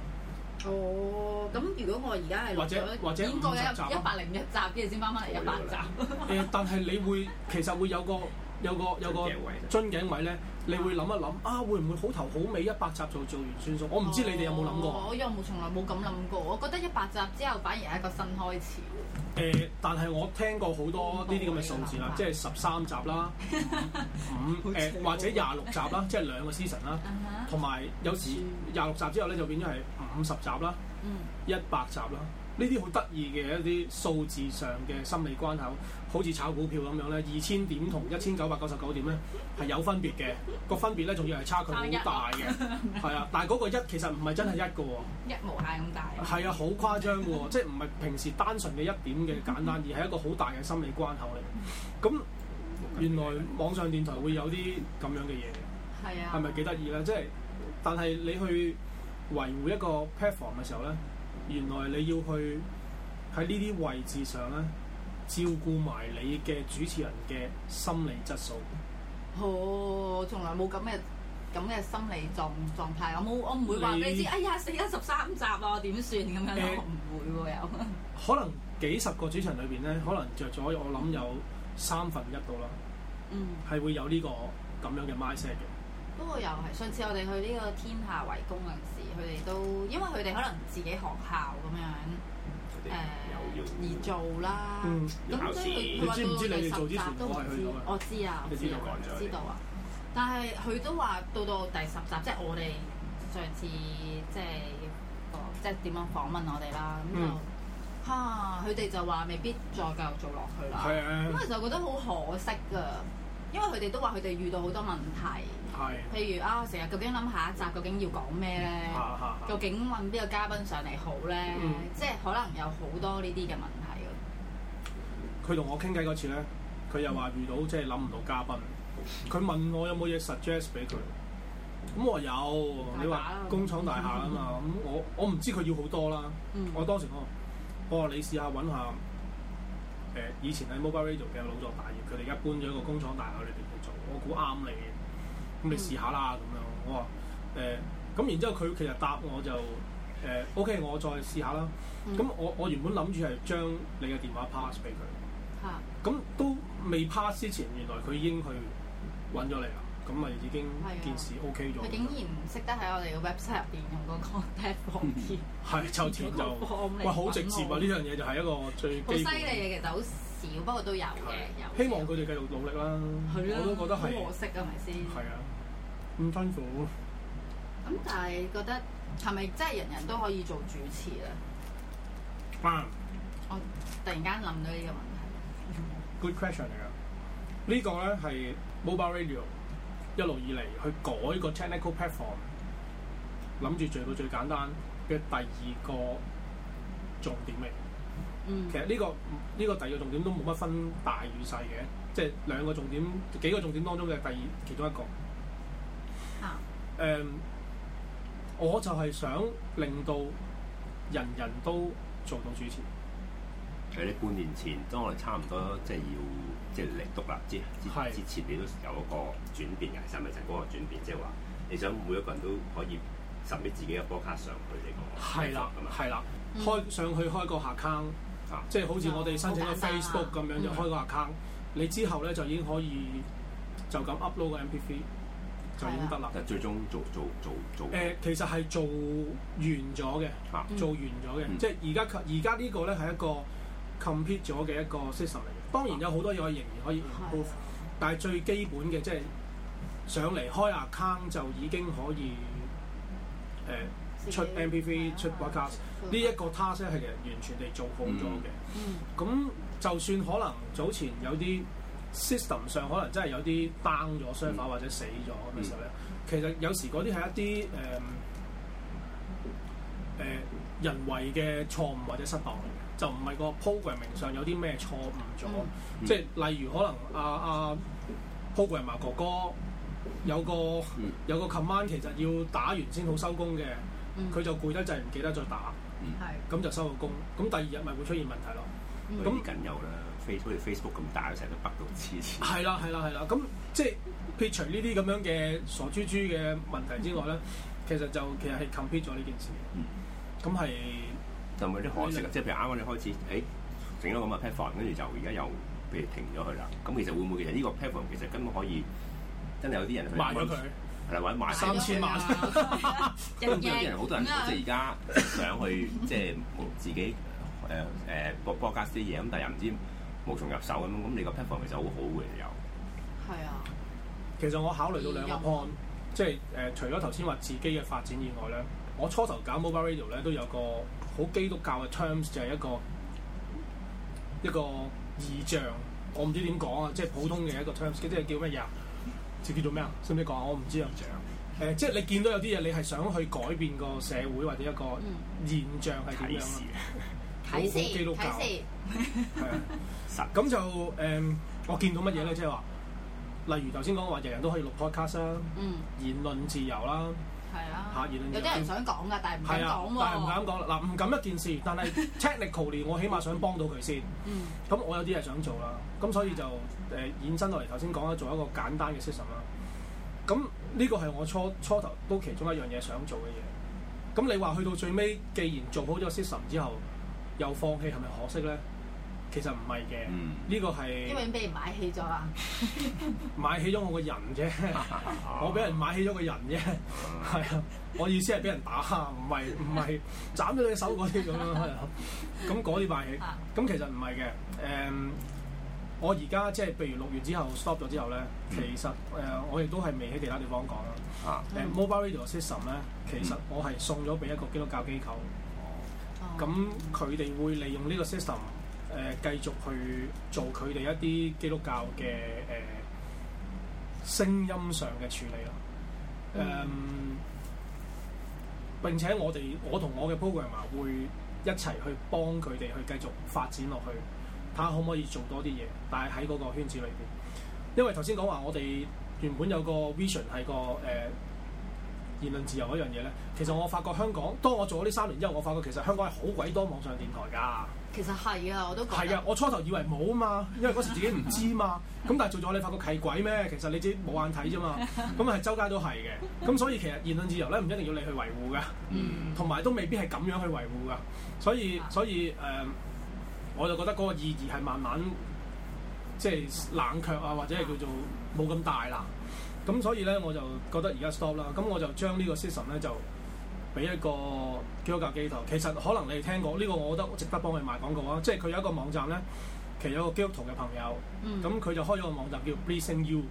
哦，咁如果我而家係或者或者應該有一百零一集，跟住先翻翻嚟一百集。誒、 *laughs* 呃，但係你會其實會有個。有個有個樽頸位咧，你會諗一諗啊，啊，會唔會好頭好尾一百集就做完算數？我唔知你哋有冇諗過，哦。我又冇從來冇咁諗過，我覺得一百集之後反而係一個新開始。誒，嗯，呃，但係我聽過好多呢啲咁嘅數字啦，即係十三集啦，五誒或者廿六集啦，即係兩個 season 啦，同埋有時廿六集之後咧就變咗係五十集啦，一百集啦。嗯呢啲好得意嘅一啲數字上嘅心理關口，好似炒股票咁樣咧，二千點同一千九百九十九點咧係有分別嘅，個分別咧仲要係差距好大嘅，係 *laughs* 啊！但係嗰個一其實唔係真係一個喎，一無限咁大，係啊，好誇張喎， *laughs* 即係唔係平時單純嘅一點嘅簡單， *laughs* 而係一個好大嘅心理關口嚟。咁原來網上電台會有啲咁樣嘅嘢，係啊， *laughs* 係咪幾得意咧？即係，但係你去維護一個 platform 嘅時候咧。原來你要去喺呢啲位置上咧照顧埋你嘅主持人嘅心理質素。哦，我從來冇咁嘅咁嘅心理狀狀態，我冇，我唔會話俾你，你知，哎呀，死啦十三集啊，點算咁樣唔、呃、會喎，又可能幾十個主持人裏邊咧，可能着咗我諗有三分一度啦，嗯，係會有呢、這個咁樣嘅 mindset 嘅。不過又係，上次我哋去呢個天下圍攻啊。佢哋都因為佢哋可能自己學校咁樣誒而做啦。咁所以佢佢話到第十集都唔知，我知啊，我知啊，知道啊。但係佢都話到到第十集，即係我哋上次即係即係點樣訪問我哋啦。咁就嚇佢哋就話未必再繼續做落去啦。咁就覺得好可惜㗎，因為佢哋都話佢哋遇到好多問題。是譬如啊，我成日究竟諗下一集究竟要講咩咧？啊啊啊、究竟揾邊個嘉賓上嚟好咧？嗯、即係可能有好多呢啲嘅問題。佢同我傾偈嗰次咧，佢又話遇到即係諗唔到嘉賓。佢問我有冇嘢 suggest 俾佢，咁我話有。嗯、你話工廠大廈啊嘛？咁、嗯嗯、我我唔知佢要好多啦。嗯、我當時我我話你試，試下揾下誒以前喺 Mobile Radio 嘅腦作大業，佢哋而家搬咗一個工廠大廈裏邊去做，我估啱你。咁你試下啦，咁樣我話誒，咁然之後佢其實答我就誒 O K，我再試下啦。咁我我原本諗住係將你嘅電話 pass 俾佢，咁都未 pass 之前，原來佢已經去揾咗你啦。咁咪已經件事 O K 咗。佢竟然唔識得喺我哋嘅 website 入邊用個 contact form 就直接就喂好直接啊！呢樣嘢就係一個最犀利嘅，其實好少，不過都有嘅。有希望佢哋繼續努力啦，我都覺得係好可惜啊！咪先係啊。唔辛苦咯。咁、嗯、但係覺得係咪真係人人都可以做主持咧？啊！我突然間諗到呢個問題。Good question 嚟㗎。呢個咧係 Mobile Radio 一路以嚟去改個 technical platform，諗住做到最簡單嘅第二個重點嚟。嗯。其實呢、呢個呢、呢個第二個重點都冇乜分大與細嘅，即、就、係、是、兩個重點幾個重點當中嘅第二其中一個。誒，um, 我就係想令到人人都做到主持。喺你、嗯、半年前當我哋差唔多即係要即係、就是、力獨立即之之前，你都有一個轉變嘅，係咪就係嗰個轉變？即係話你想每一個人都可以上喺自己嘅波卡上去，去。你講。係啦，係啦，開上去開個 account、啊、即係好似我哋申請個 Facebook 咁樣，嗯、就開個 account、嗯。你之後咧就已經可以就咁 upload 個 MP3。就已經得啦。但最終做做做做。誒、呃，其實係做完咗嘅。嗯、做完咗嘅，嗯、即係而家而家呢個咧係一個 complete 咗嘅一個 system 嚟嘅。當然有好多嘢我仍然可以 improve，但係最基本嘅即係上嚟開 account 就已經可以誒、呃、己出 MPV 出 podcast、嗯、 t 呢一個 task 係其實完全地做好咗嘅。嗯。咁、嗯、就算可能早前有啲。system 上可能真係有啲 down 咗 s 法或者死咗咁嘅時候咧，其實有時嗰啲係一啲誒誒人為嘅錯誤或者失敗，就唔係個 program 明上有啲咩錯誤咗，即係例如可能阿阿 program 員馬哥哥有個有個 command 其實要打完先好收工嘅，佢就攰得滯唔記得再打，咁就收個工，咁第二日咪會出現問題咯，咁緊有啦。Facebook，Facebook 咁大，成日都北到黐線。係啦，係啦，係啦。咁即係撇除呢啲咁樣嘅傻豬豬嘅問題之外咧，其實就其實係 complete 咗呢件事。咁係。就冇啲可惜啊！即係譬如啱啱你開始，誒整咗咁嘅 platform，跟住就而家又譬如停咗佢啦。咁其實會唔會其實呢個 platform 其實根本可以真係有啲人去賣咗佢，係啦，或者賣三千萬。因為有啲人好多人即係而家想去即係自己誒誒博博家啲嘢，咁但係又唔知。冇從入手咁咁你個 platform 其實好嘅有。係啊， *noise* 其實我考慮到兩個 point，即係誒、呃、除咗頭先話自己嘅發展以外咧，我初頭搞 Mobile Radio 咧都有個好基督教嘅 terms 就係一個一個異象，我唔知點講啊，即係普通嘅一個 terms，嗰啲係叫乜嘢？啊？就叫做咩啊？使唔使講？我唔知啊，長、呃。即係你見到有啲嘢，你係想去改變個社會或者一個現象係點樣事 *laughs* 好好基督教啊，咁看事 *laughs* 就誒、嗯，我見到乜嘢咧？即係話，例如頭先講話，人人都可以錄 podcast 啦，言論自由啦，係啊，有啲人唔想講㗎，但係唔敢講但係唔敢講啦，嗱唔敢一件事，但係 technically 我起碼想幫到佢先。咁、嗯嗯、我有啲嘢想做啦，咁所以就誒衍生落嚟。頭先講啦，做一個簡單嘅 system 啦。咁呢個係我初初頭都其中一樣嘢想做嘅嘢。咁你話去到最尾，既然做好咗 system 之後，又放棄係咪可惜咧？其實唔係嘅，呢、嗯、個係因為俾人買起咗啦，買起咗我個人啫，我俾人買起咗個人啫，係啊，我意思係俾人打，唔係唔係斬咗你手嗰啲咁樣咯，咁嗰啲買起，咁 *laughs* 其實唔係嘅，誒、嗯，我而家即係譬如六月之後 stop 咗之後咧， *laughs* 其實誒、呃、我亦都係未喺其他地方講啦，誒 Mobile Radio System 咧，其實我係送咗俾一個基督教機構。咁佢哋會利用呢個 system 誒、呃、繼續去做佢哋一啲基督教嘅誒、呃、聲音上嘅處理啦。誒、呃，並且我哋我同我嘅 programmer 會一齊去幫佢哋去繼續發展落去，睇下可唔可以做多啲嘢，但係喺嗰個圈子裏邊。因為頭先講話我哋原本有個 vision 係個誒、呃言論自由嗰樣嘢咧，其實我發覺香港，當我做咗呢三年之後，我發覺其實香港係好鬼多網上電台㗎。其實係啊，我都係啊，我初頭以為冇吖嘛，因為嗰時自己唔知嘛。咁 *laughs* 但係做咗你發覺契鬼咩？其實你自己冇眼睇啫嘛。咁係周街都係嘅。咁、嗯、所以其實言論自由咧，唔一定要你去維護嘅，同埋、嗯、都未必係咁樣去維護嘅。所以所以誒、呃，我就覺得嗰個意義係慢慢即係冷卻啊，或者係叫做冇咁大啦。咁所以咧，我就覺得而家 stop 啦。咁我就將呢個 session 咧就俾一個基督教基督徒。其實可能你哋聽過呢、呢個，我覺得值得幫佢賣廣告啊。即係佢有一個網站咧，其實有個基督徒嘅朋友咁，佢、嗯、就開咗個網站叫 Blessing You。誒、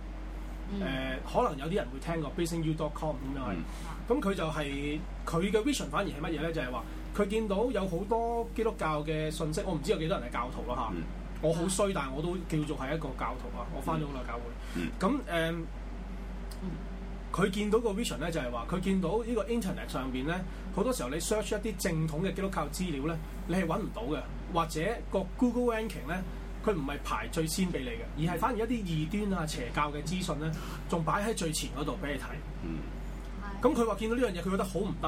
嗯呃，可能有啲人會聽過 Blessing You dot com 咁樣係。咁佢就係佢嘅 vision，反而係乜嘢咧？就係話佢見到有好多基督教嘅信息。我唔知有幾多人係教徒啦嚇。嗯、我好衰，但係我都叫做係一個教徒啊。我翻咗好耐教會咁誒。佢見到個 vision 咧，就係話佢見到個呢個 internet 上邊咧，好多時候你 search 一啲正統嘅基督教資料咧，你係揾唔到嘅，或者個 Google ranking 咧，佢唔係排最先俾你嘅，而係反而一啲異端啊邪教嘅資訊咧，仲擺喺最前嗰度俾你睇。嗯、mm，咁佢話見到呢樣嘢，佢覺得好唔得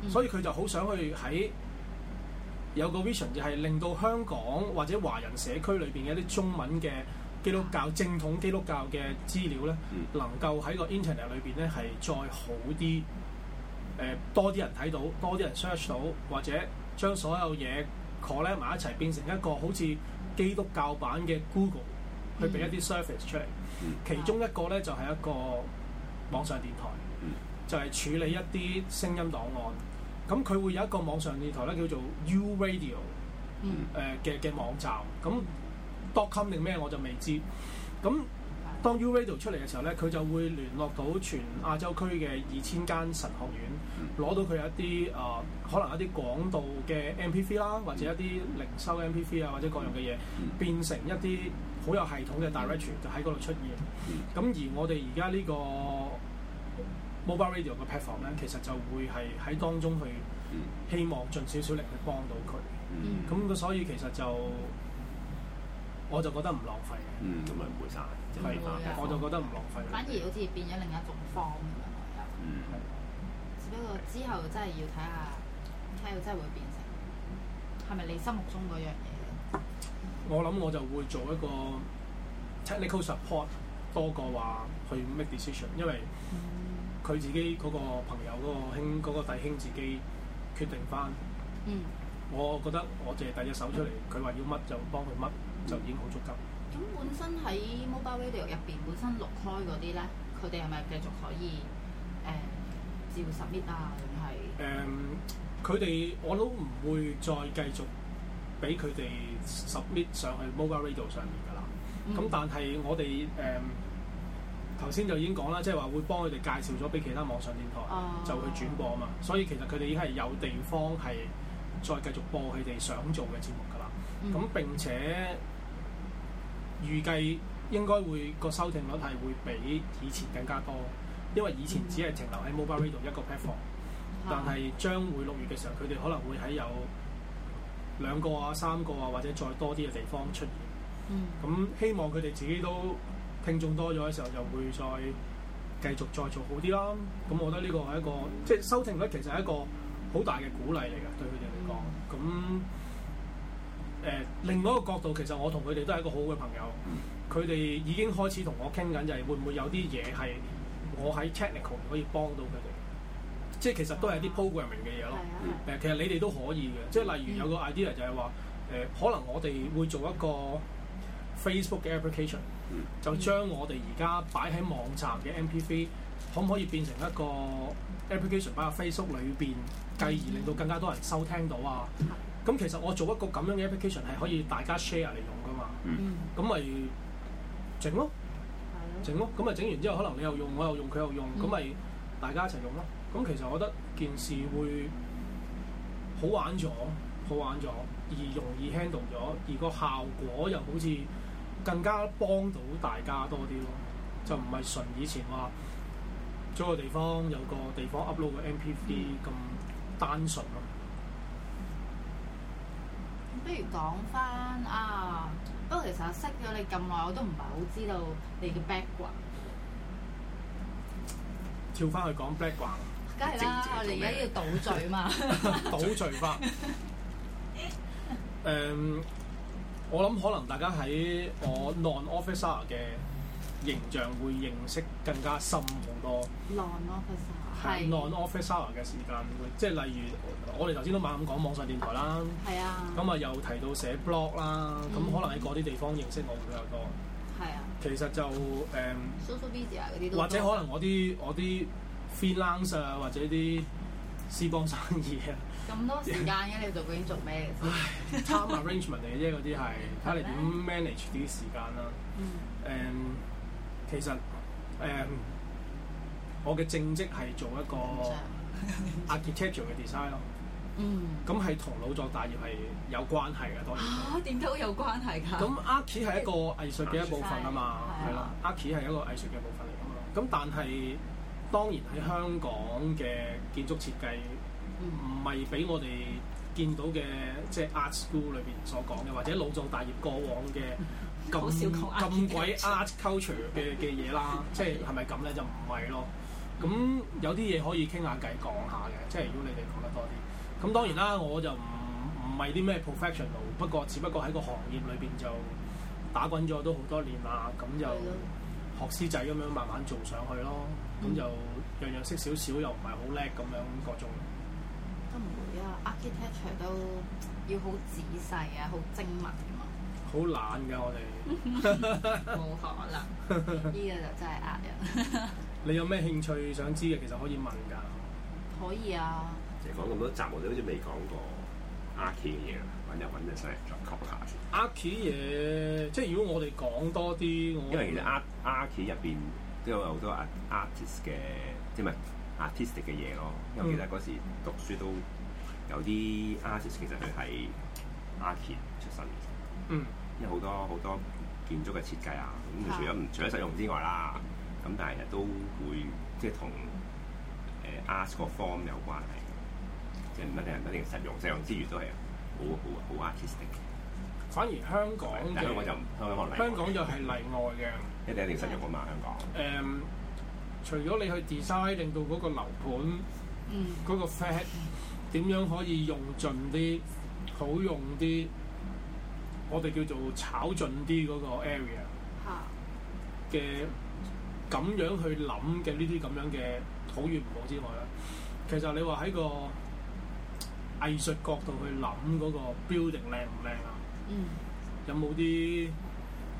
，mm hmm。所以佢就好想去喺有個 vision，就係令到香港或者華人社區裏邊嘅一啲中文嘅。基督教正統基督教嘅資料咧，嗯、能夠喺個 internet 裏邊咧，係再好啲，誒、呃、多啲人睇到，多啲人 search 到，或者將所有嘢 collate 埋一齊變成一個好似基督教版嘅 Google 去俾一啲 service 出嚟。其中一個咧就係、是、一個網上電台，嗯、就係處理一啲聲音檔案。咁佢會有一個網上電台咧叫做 U Radio，誒嘅嘅網站咁。blockcom 定咩我就未知，咁當 Uradio 出嚟嘅時候咧，佢就會聯絡到全亞洲區嘅二千間神學院，攞、嗯、到佢一啲誒、呃、可能一啲廣度嘅 MP3 啦，或者一啲零售 MP3 啊，或者各樣嘅嘢，嗯、變成一啲好有系統嘅 Directory 就喺嗰度出現。咁、嗯、而我哋而家呢個 Mobile Radio 嘅 Platform 咧，其實就會係喺當中去希望盡少少力去幫到佢。咁佢、嗯、所以其實就我就覺得唔浪費，咁咪唔攰曬。係我就覺得唔浪費。反而好似變咗另一種方咁樣。嗯。係。只不過之後真係要睇下，睇下真係會變成係咪你心目中嗰樣嘢。嗯。我諗我就會做一個 technical support 多過話去 make decision，因為佢自己嗰個朋友嗰個兄嗰個弟兄自己決定翻。嗯。我覺得我淨係第一手出嚟，佢話要乜就幫佢乜。就已經好足夠咁，本身喺 Mobile Radio 入邊，本身錄開嗰啲咧，佢哋係咪繼續可以誒、呃、照 submit 啊？定係誒佢哋我都唔會再繼續俾佢哋 submit 上去 Mobile Radio 上面㗎啦。咁、嗯嗯、但係我哋誒頭先就已經講啦，即係話會幫佢哋介紹咗俾其他網上電台，啊、就去轉播嘛。所以其實佢哋已經係有地方係再繼續播佢哋想做嘅節目㗎啦。咁、嗯、並且。預計應該會個收聽率係會比以前更加多，因為以前只係停留喺 Mobile Radio 一個 platform，但係將會六月嘅時候，佢哋可能會喺有兩個啊三個啊或者再多啲嘅地方出現。咁、嗯嗯、希望佢哋自己都聽眾多咗嘅時候，就會再繼續再做好啲啦。咁、嗯、我覺得呢個係一個、嗯、即係收聽率其實係一個好大嘅鼓勵嚟㗎，對佢哋嚟講。咁、嗯。誒、呃、另外一個角度，其實我同佢哋都係一個好好嘅朋友。佢哋已經開始同我傾緊，就係、是、會唔會有啲嘢係我喺 technical 可以幫到佢哋？即係其實都係啲 programming 嘅嘢咯。誒、呃，其實你哋都可以嘅。即係例如有個 idea 就係話，誒、呃、可能我哋會做一個 Facebook 嘅 application，就將我哋而家擺喺網站嘅 MP3，可唔可以變成一個 application 擺喺 Facebook 裏邊，繼而令到更加多人收聽到啊？咁其實我做一個咁樣嘅 application 係可以大家 share 嚟用噶嘛，咁咪整咯，整咯，咁咪整完之後可能你又用，我又用，佢又用，咁咪，嗯，大家一齊用咯。咁其實我覺得件事會好玩咗，好玩咗，而容易 handle 咗，而個效果又好似更加幫到大家多啲咯。就唔係純以前話租個地方有個地方 upload 個 MP3 咁單純咯。不如講翻啊！不過其實我識咗你咁耐，我都唔係好知道你嘅 background，跳翻去講 background。梗係啦，我哋而家要倒敍啊嘛。倒敍翻，誒，我諗可能大家喺我 non officer 嘅形象會認識更加深好多。non officer 係 Non office hour 嘅時間，即係例如我哋頭先都猛咁講網上電台啦，咁啊又提到寫 blog 啦，咁可能喺嗰啲地方認識我會比較多。係啊。其實就誒。social media 嗰啲都。或者可能我啲我啲 finance 啊，或者啲私幫生意啊。咁多時間嘅、啊、你做究竟做咩？time arrangement 嚟嘅啫，嗰啲係睇你點 manage 啲時間啦。嗯。Um, 其實誒。Um, 我嘅正職係做一個 architecture 嘅 design，咁係同腦作大業係有關係嘅、啊，當然。嚇點解有關係㗎？咁 archie 係一個藝術嘅一部分啊嘛，係咯，archie 係一個藝術嘅部分嚟㗎嘛。咁但係當然喺香港嘅建築設計唔係俾我哋見到嘅，即係 art school 裏邊所講嘅，或者腦作大業過往嘅咁咁鬼 art culture 嘅嘅嘢啦，即係係咪咁咧？就唔係咯。咁有啲嘢可以傾下偈講下嘅，即係如果你哋講得多啲。咁當然啦，我就唔唔係啲咩 professional 不過只不過喺個行業裏邊就打滾咗都好多年啦。咁就學師仔咁樣慢慢做上去咯。咁就樣樣識少少，又唔係好叻咁樣各種。都唔會啊，architecture 都要好仔細啊，好精密㗎嘛、啊。好懶㗎、啊、我哋，冇可能，呢 *laughs* 個就真係呃人。你有咩興趣想知嘅，其實可以問㗎。可以啊。成 *music* 講咁多集，我哋好似未講過 Archi 嘅嘢啦，揾一揾一陣再覆下先。Archi 嘢，即係如果我哋講多啲，我，因為其實 Archi 入邊都有好多 artists 嘅，即係咪 Artistic 嘅嘢咯？因為記得嗰時讀書都有啲 artists 其實佢係 Archi 出身嘅、嗯啊。嗯。因為好多好多建築嘅設計啊，咁佢除咗唔除咗實用之外啦。咁但係日都會即係同誒 ask 個 form 有關係，即係唔一定，唔一定實用。實用之餘都係好好好 artistic。反而香港，但係香港就香港就係例外嘅，一定一定實用啊嘛！香港誒，除咗你去 design，令到嗰個樓盤，嗯，嗰個 flat 點樣可以用盡啲好用啲，我哋叫做炒盡啲嗰個 area 嚇嘅。咁樣去諗嘅呢啲咁樣嘅好與唔好之外啦，其實你話喺個藝術角度去諗嗰個 building 靚唔靚啊？嗯。有冇啲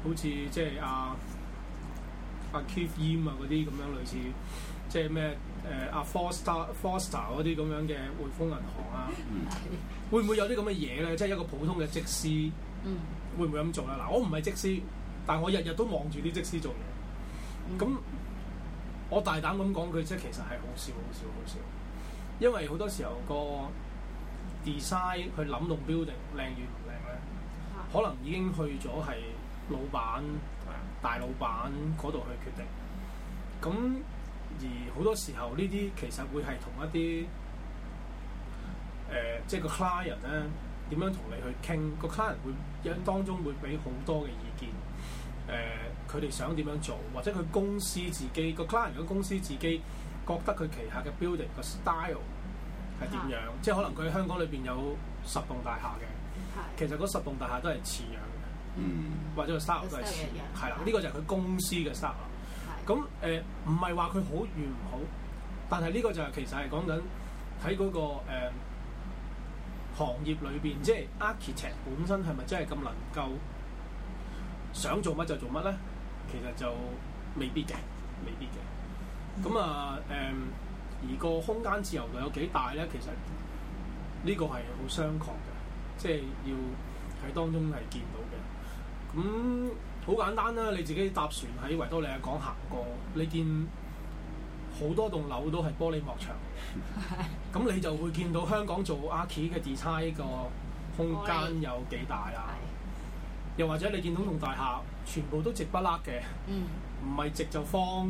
好似即係阿阿 Keith Yim 啊嗰啲咁樣類似，即係咩誒阿 Foster、Foster 嗰啲咁樣嘅匯豐銀行啊？嗯。會唔會有啲咁嘅嘢咧？即係一個普通嘅則師。嗯。會唔會咁做咧？嗱，我唔係則師，但我日日都望住啲則師做嘢。咁、嗯、我大膽咁講佢即係其實係好少好少好少，因為好多時候個 design 去諗到 building 靚與唔靚咧，可能已經去咗係老闆、大老闆嗰度去決定。咁而好多時候呢啲其實會係同一啲誒，即、呃、係、即係、個 client 咧，點樣同你去傾，個 client 人會一當中會俾好多嘅意見誒。呃佢哋想點樣做，或者佢公司自己個 client，如果公司自己覺得佢旗下嘅 building 個 style 係點樣，即係可能佢喺香港裏邊有十棟大廈嘅，其實嗰十棟大廈都係似樣嘅，或者個 style 都係似樣，係啦，呢個就係佢公司嘅 style。咁誒，唔係話佢好與唔好，但係呢個就係其實係講緊喺嗰個誒行業裏邊，即係 architect 本身係咪真係咁能夠想做乜就做乜咧？其實就未必嘅，未必嘅。咁、嗯、啊、嗯，誒，而個空間自由度有幾大咧？其實呢個係好相確嘅，即、就、係、是、要喺當中係見到嘅。咁好簡單啦，你自己搭船喺維多利亞港行過，你見好多棟樓都係玻璃幕牆，咁 *laughs* 你就會見到香港做 Arkie 嘅 design 個空間有幾大啦。璃 *laughs* 又或者你見到棟大廈，全部都直不甩嘅，唔係、嗯、直就方。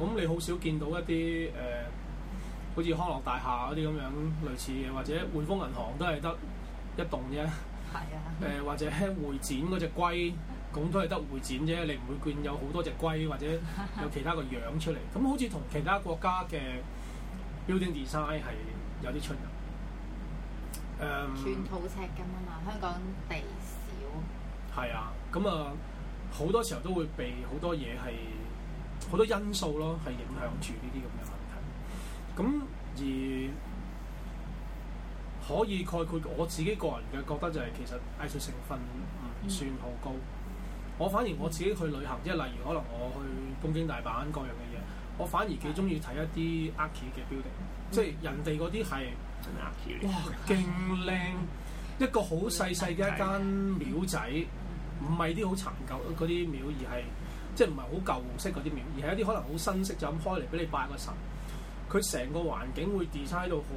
咁你好少見到一啲誒、呃，好似康樂大廈嗰啲咁樣類似嘅，或者匯豐銀行都係得一棟啫。係啊。誒、呃、或者會展嗰隻龜，咁都係得會展啫。你唔會見有好多隻龜，或者有其他個樣出嚟。咁 *laughs* 好似同其他國家嘅 building design 係有啲出入。誒、嗯。寸土尺金啊嘛，香港地。係啊，咁啊好多時候都會被好多嘢係好多因素咯，係影響住呢啲咁嘅問題。咁、嗯、而可以概括我自己個人嘅覺得就係，其實藝術成分唔算好高。嗯、我反而我自己去旅行，即係例如可能我去東京、大阪各樣嘅嘢，我反而幾中意睇一啲 a r 嘅 building，即係人哋嗰啲係真係 a r c 哇勁靚， *laughs* 一個好細細嘅一間廟仔。唔係啲好殘舊嗰啲廟，而係即係唔係好舊式嗰啲廟，而係一啲可能好新式就咁開嚟俾你拜個神。佢成個環境會 design 到好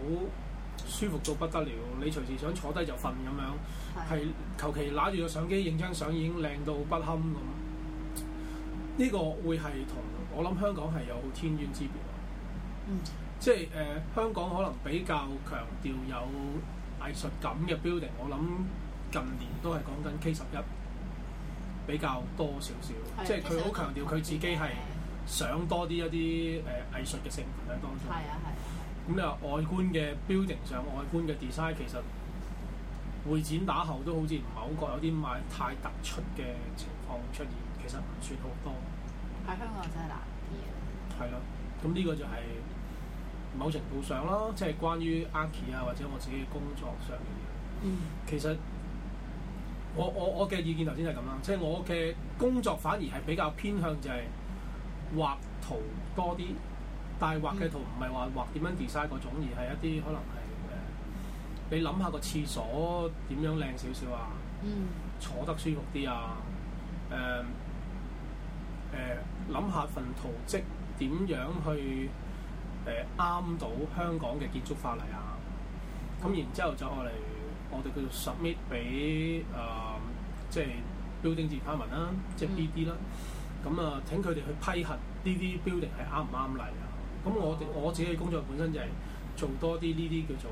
舒服到不得了，你隨時想坐低就瞓咁樣，係求其攞住個相機影張相已經靚到不堪咁。呢、呢個會係同我諗香港係有天淵之別。嗯，即係誒、呃、香港可能比較強調有藝術感嘅 building。我諗近年都係講緊 K11。比較多少少，的即係佢好強調佢自己係想多啲一啲誒、呃、藝術嘅成分喺當中。係啊係啊。咁你話、嗯、外觀嘅 building 上，外觀嘅 design 其實會展打後都好似唔係好覺有啲太突出嘅情況出現，其實唔算好多。喺香港真係難啲啊！係咯，咁呢個就係某程度上咯，即係關於 Arkie 啊，或者我自己嘅工作上嘅嘢。嗯，其實。我我我嘅意見頭先就係咁啦，即係我嘅工作反而係比較偏向就係畫圖多啲，但係畫嘅圖唔係話畫點樣 design 嗰種，而係一啲可能係誒、呃、你諗下個廁所樣點樣靚少少啊，嗯、坐得舒服啲啊，誒誒諗下份圖則點樣去誒啱、呃、到香港嘅建築法例啊，咁然之後就我哋。我哋叫做 submit 俾誒即、呃、係、就是、building department 啦，即係 B.D 啦。咁啊，請佢哋去批核呢啲 building 係啱唔啱例啊。咁我哋我自己嘅工作本身就係做多啲呢啲叫做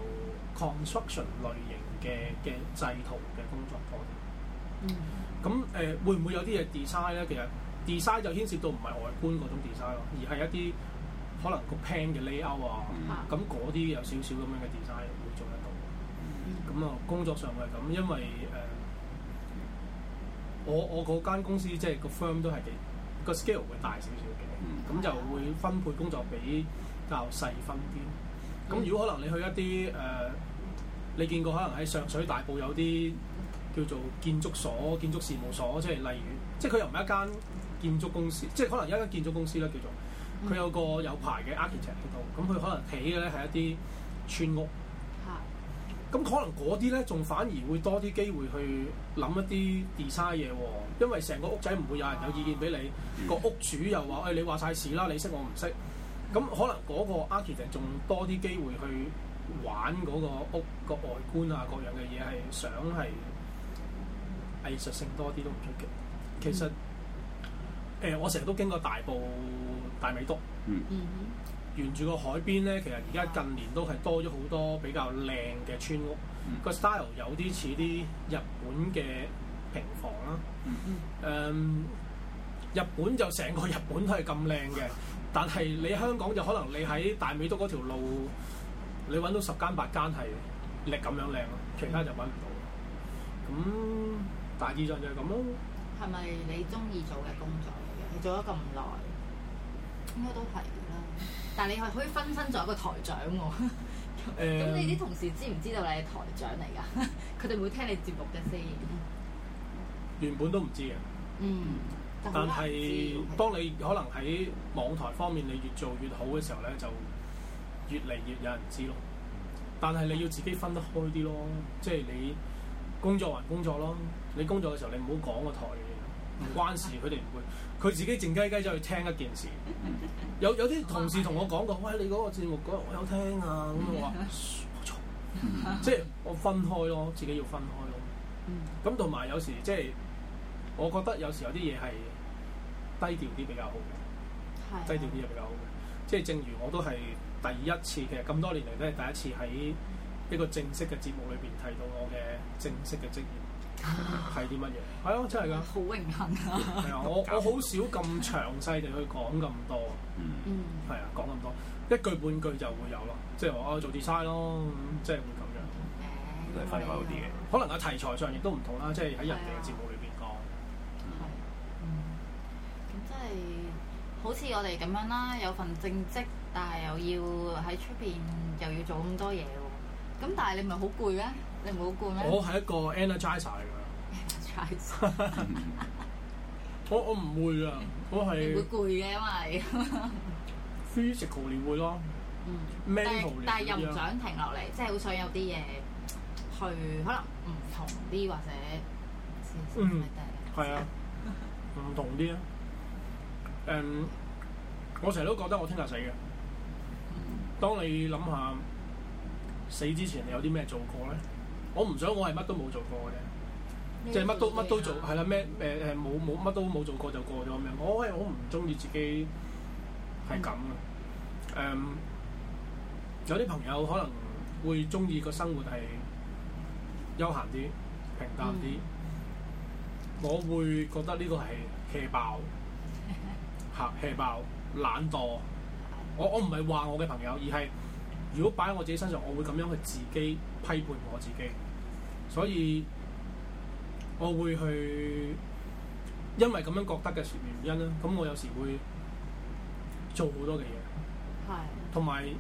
construction 類型嘅嘅製圖嘅工作多啲。嗯。咁誒、呃、會唔會有啲嘢 design 咧？其實 design 就牽涉到唔係外觀嗰種 design 咯，而係一啲可能個 plan 嘅 layout 啊，咁嗰啲有少少咁樣嘅 design。咁啊，工作上係咁，因為誒、呃，我我嗰間公司即係個 firm 都係幾個 scale 會大少少嘅，咁、嗯、就會分配工作比較細分啲。咁、嗯、如果可能你去一啲誒、呃，你見過可能喺上水大埔有啲叫做建築所、建築事務所，即係例如，即係佢又唔係一間建築公司，即係可能一間有一間建築公司咧叫做佢有個有牌嘅 architect 喺度，咁佢可能起嘅咧係一啲村屋。咁可能嗰啲咧，仲反而會多啲機會去諗一啲 design 嘢喎，因為成個屋仔唔會有人有意見俾你，個、啊嗯、屋主又話，誒、哎，你話晒事啦，你識我唔識。咁可能嗰個 architect 仲多啲機會去玩嗰個屋、嗰個外觀啊，各樣嘅嘢係想係藝術性多啲都唔出奇。其實誒、嗯呃，我成日都經過大埔大美督。嗯。嗯沿住個海邊咧，其實而家近年都係多咗好多比較靚嘅村屋。個、嗯、style 有啲似啲日本嘅平房啦。誒、嗯嗯，日本就成個日本都係咁靚嘅，但係你香港就可能你喺大美督嗰條路，你揾到十間八間係力咁樣靚咯，其他就揾唔到。咁大致上就係咁咯。係咪你中意做嘅工作嚟嘅？你做咗咁耐，應該都係。但係你係可以分身做一個台長喎？咁、 *laughs* 嗯、 *laughs* 你啲同事知唔知道你係台長嚟噶？佢 *laughs* 哋會聽你節目嘅先。原本都唔知嘅。嗯。但係是當你可能喺網台方面你越做越好嘅時候咧，就越嚟越有人知咯。但係你要自己分得開啲咯，即係你工作還工作咯。你工作嘅時候你唔好講個台。唔關事，佢哋唔會。佢自己靜雞雞走去聽一件事。有有啲同事同我講過， *laughs* 喂，你嗰個節目、嗰日、我有聽啊，咁 *laughs* 我話錯， *laughs* 即係我分開咯，自己要分開咯。咁同埋有時即係，我覺得有時有啲嘢係低調啲比較好嘅， *laughs* 低調啲就比較好嘅。 *laughs* 即係正如我都係第一次，其實咁多年嚟都係第一次喺一個正式嘅節目裏邊提到我嘅正式嘅職業。係啲乜嘢？係咯， *laughs* *laughs* 真係噶。好榮幸啊！係 *laughs* 啊，我我好少咁詳細地去講咁多。 *laughs* 嗯。係啊，講咁多一句半句就會有咯、就是啊。即係我做 design 咯，即係會咁樣。都係分化啲嘢，可能個題材上亦都唔同啦，即係喺人哋嘅節目裏邊講。嗯。咁即係好似我哋咁樣啦，有份正職，但係又要喺出邊又要做咁多嘢喎。咁但係你咪好攰咧？你唔好攰咩？我係一個 energizer 嚟㗎。energizer，我我唔會啊！我係會攰嘅，因 *laughs* 為 physical 你會咯。咩 mental 但係又唔想停落嚟，即係好想有啲嘢去可能唔同啲，或者嗯，係 *laughs* 啊，唔 *laughs* 同啲啊。誒，我成日都覺得我聽日死嘅。嗯、當你諗下死之前你有啲咩做過咧？我唔想我係乜都冇做過嘅啫，即係乜都乜都做係啦咩誒誒冇冇乜都冇做，啊呃、做過就過咗咩？我係我唔中意自己係咁嘅誒，嗯 um, 有啲朋友可能會中意個生活係休閒啲、平淡啲，嗯、我會覺得呢個係 hea 爆嚇 hea *laughs* 爆懶惰，我我唔係話我嘅朋友，而係如果擺喺我自己身上，我會咁樣去自己批判我自己。所以，我會去，因為咁樣覺得嘅原因啦，咁我有時會做好多嘅嘢，同埋的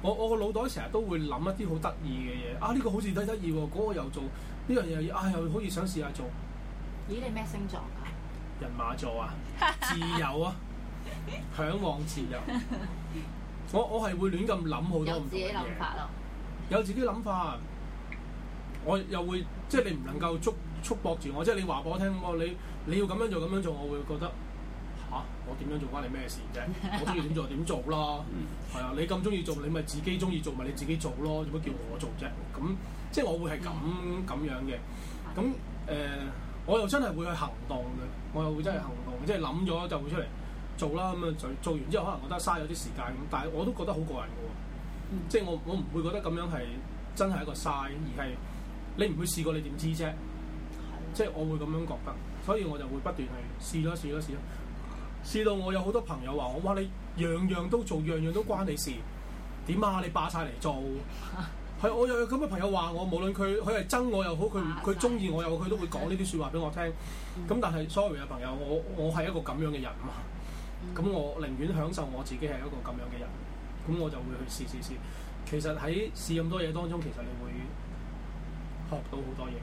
我我個腦袋成日都會諗一啲好得意嘅嘢，啊呢、這個好似都得意喎，嗰、這個又做呢樣嘢，啊又好似想試下做。咦？你咩星座㗎，啊？人馬座啊，自由啊， *laughs* 嚮往自由。 *laughs* 我我係會亂咁諗好多嘢。有自己諗法咯。有自己諗法。我又會即係你唔能夠捉捉縛住我，即係你話畀我聽。你你要咁樣做咁樣做，我會覺得吓、啊，我點樣做關你咩事啫？我中意點做點做啦，係 *laughs* 啊！你咁中意做，你咪自己中意做咪你自己做咯，做乜叫我做啫？咁即係我會係咁咁樣嘅。咁誒、 *noise* 呃，我又真係會去行動嘅，我又會真係行動即係諗咗就會出嚟做啦。咁啊，做完之後，可能覺得嘥咗啲時間，但係我都覺得好過癮喎。即係我我唔會覺得咁樣係真係一個嘥，而係。你唔會試過，你點知啫？即係我會咁樣覺得，所以我就會不斷去試咯，試咯，試咯，試到我有好多朋友話我，哇！你樣樣都做，樣樣都關你事，點啊？你霸晒嚟做？係、啊、我有咁嘅朋友話我，無論佢佢係憎我又好，佢佢中意我又好，佢都會講呢啲説話俾我聽。咁、嗯、但係，sorry 啊，朋友，我我係一個咁樣嘅人嘛。咁、嗯嗯、我寧願享受我自己係一個咁樣嘅人。咁我就會去試試試試。其實喺試咁多嘢當中，其實你會，學到好多嘢，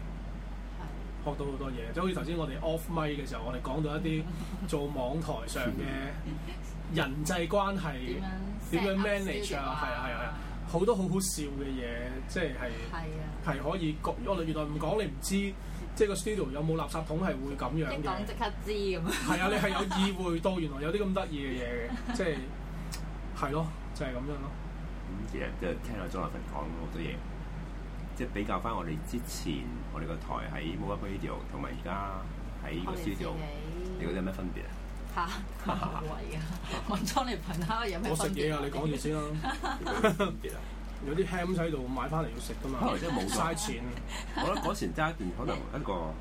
學到好多嘢，就係、好似頭先我哋 off mic 嘅時候，我哋講到一啲做網台上嘅人際關係點 *laughs* 樣 manage 啊？係啊係啊，啊，好、啊、多好好笑嘅嘢，即係係、啊、可以我哋原來唔講你唔知，即係個 studio 有冇垃圾桶係會咁樣嘅，即刻知咁。係啊，你係有意會到原來有啲咁得意嘅嘢嘅， *laughs* 即係係咯，就係、係、咁樣咯、啊。咁其實就係、聽下 Jonathan 講好多嘢。即係比較翻我哋之前 Video，在在，我哋個台喺 Mobile Radio 同埋而家喺個 studio 你覺得有咩分別啊？嚇！揾嘢啊！揾裝 *laughs* 你評下有咩分別我食嘢啊！你講住先啦。有啲 ham 喺度買翻嚟要食㗎嘛，即係冇嘥錢。我覺得嗰時爭一段可能一個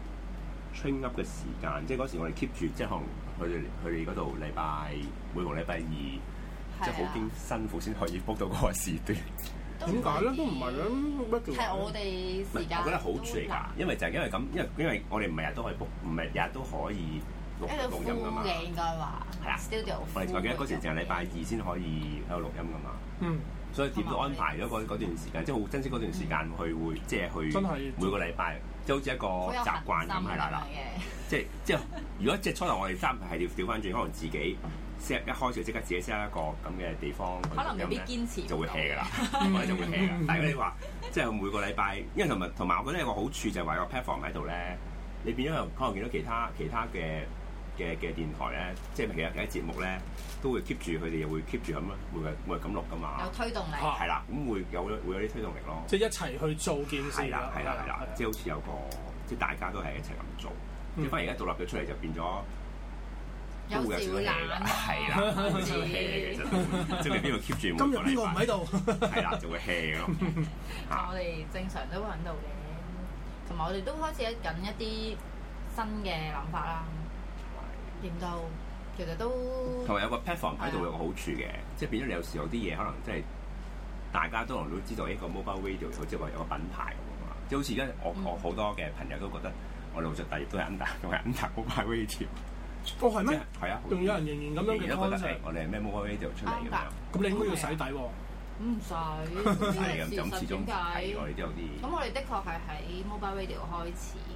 train up 嘅時間，即係嗰時我哋 keep 住，即係可能去去嗰度禮拜每個禮拜二，即係好經辛苦先可以 book 到嗰個時段。 *laughs* 點解咧？都唔係啊！乜係我哋時間。我覺得好處嚟㗎，因為就係因為咁，因為因為我哋唔係日都可以 book 唔係日日都可以錄錄音㗎嘛。應該話。係啦。Studio。我記得嗰時淨係禮拜二先可以喺度錄音㗎嘛。嗯。所以點都安排咗嗰段時間，即係好珍惜嗰段時間去會，即係去每個禮拜，即係好似一個習慣咁係啦啦。即係即係，如果即係初頭我哋三排係要調翻轉，可能自己。一開始即刻自己 set 一個咁嘅地方，可能有啲堅持，就會 hea 噶啦，就會 hea 啦。但係如果你話即係每個禮拜，因為同埋同埋，我覺得有個好處就係話個 platform 喺度咧，你變咗可能見到其他其他嘅嘅嘅電台咧，即係其實其他節目咧都會 keep 住佢哋又會 keep 住咁，會每日每日咁錄噶嘛。有推動力。係啦、啊，咁會有會有啲推動力咯。即係一齊去做件事。係啦係啦係啦，即係好似有個即係大家都係一齊咁做。即反而而家獨立咗出嚟就變咗。有時會懶，係啦，會 hea 嘅，即係邊個 keep 住？今日邊個唔喺度？係啦，就會 hea 咯。我哋正常都會喺度嘅，同埋我哋都開始喺緊一啲新嘅諗法啦。咁就其實都同埋有個 platform 喺度有個好處嘅，即係變咗你有時有啲嘢可能即係大家都能都知道，一個 mobile radio 好似話有個品牌咁啊。即係好似而家我我好多嘅朋友都覺得我老實，第二都 under 同 under mobile radio。哦，係咩？係啊，仲有人仍然咁樣嘅方式。我哋係 mobile radio 出嚟嘅，咁、嗯、你應該要洗底喎、啊。唔使、嗯，係咁就咁， *laughs* 始終係何我哋都有啲。咁我哋的確係喺 mobile radio 開始。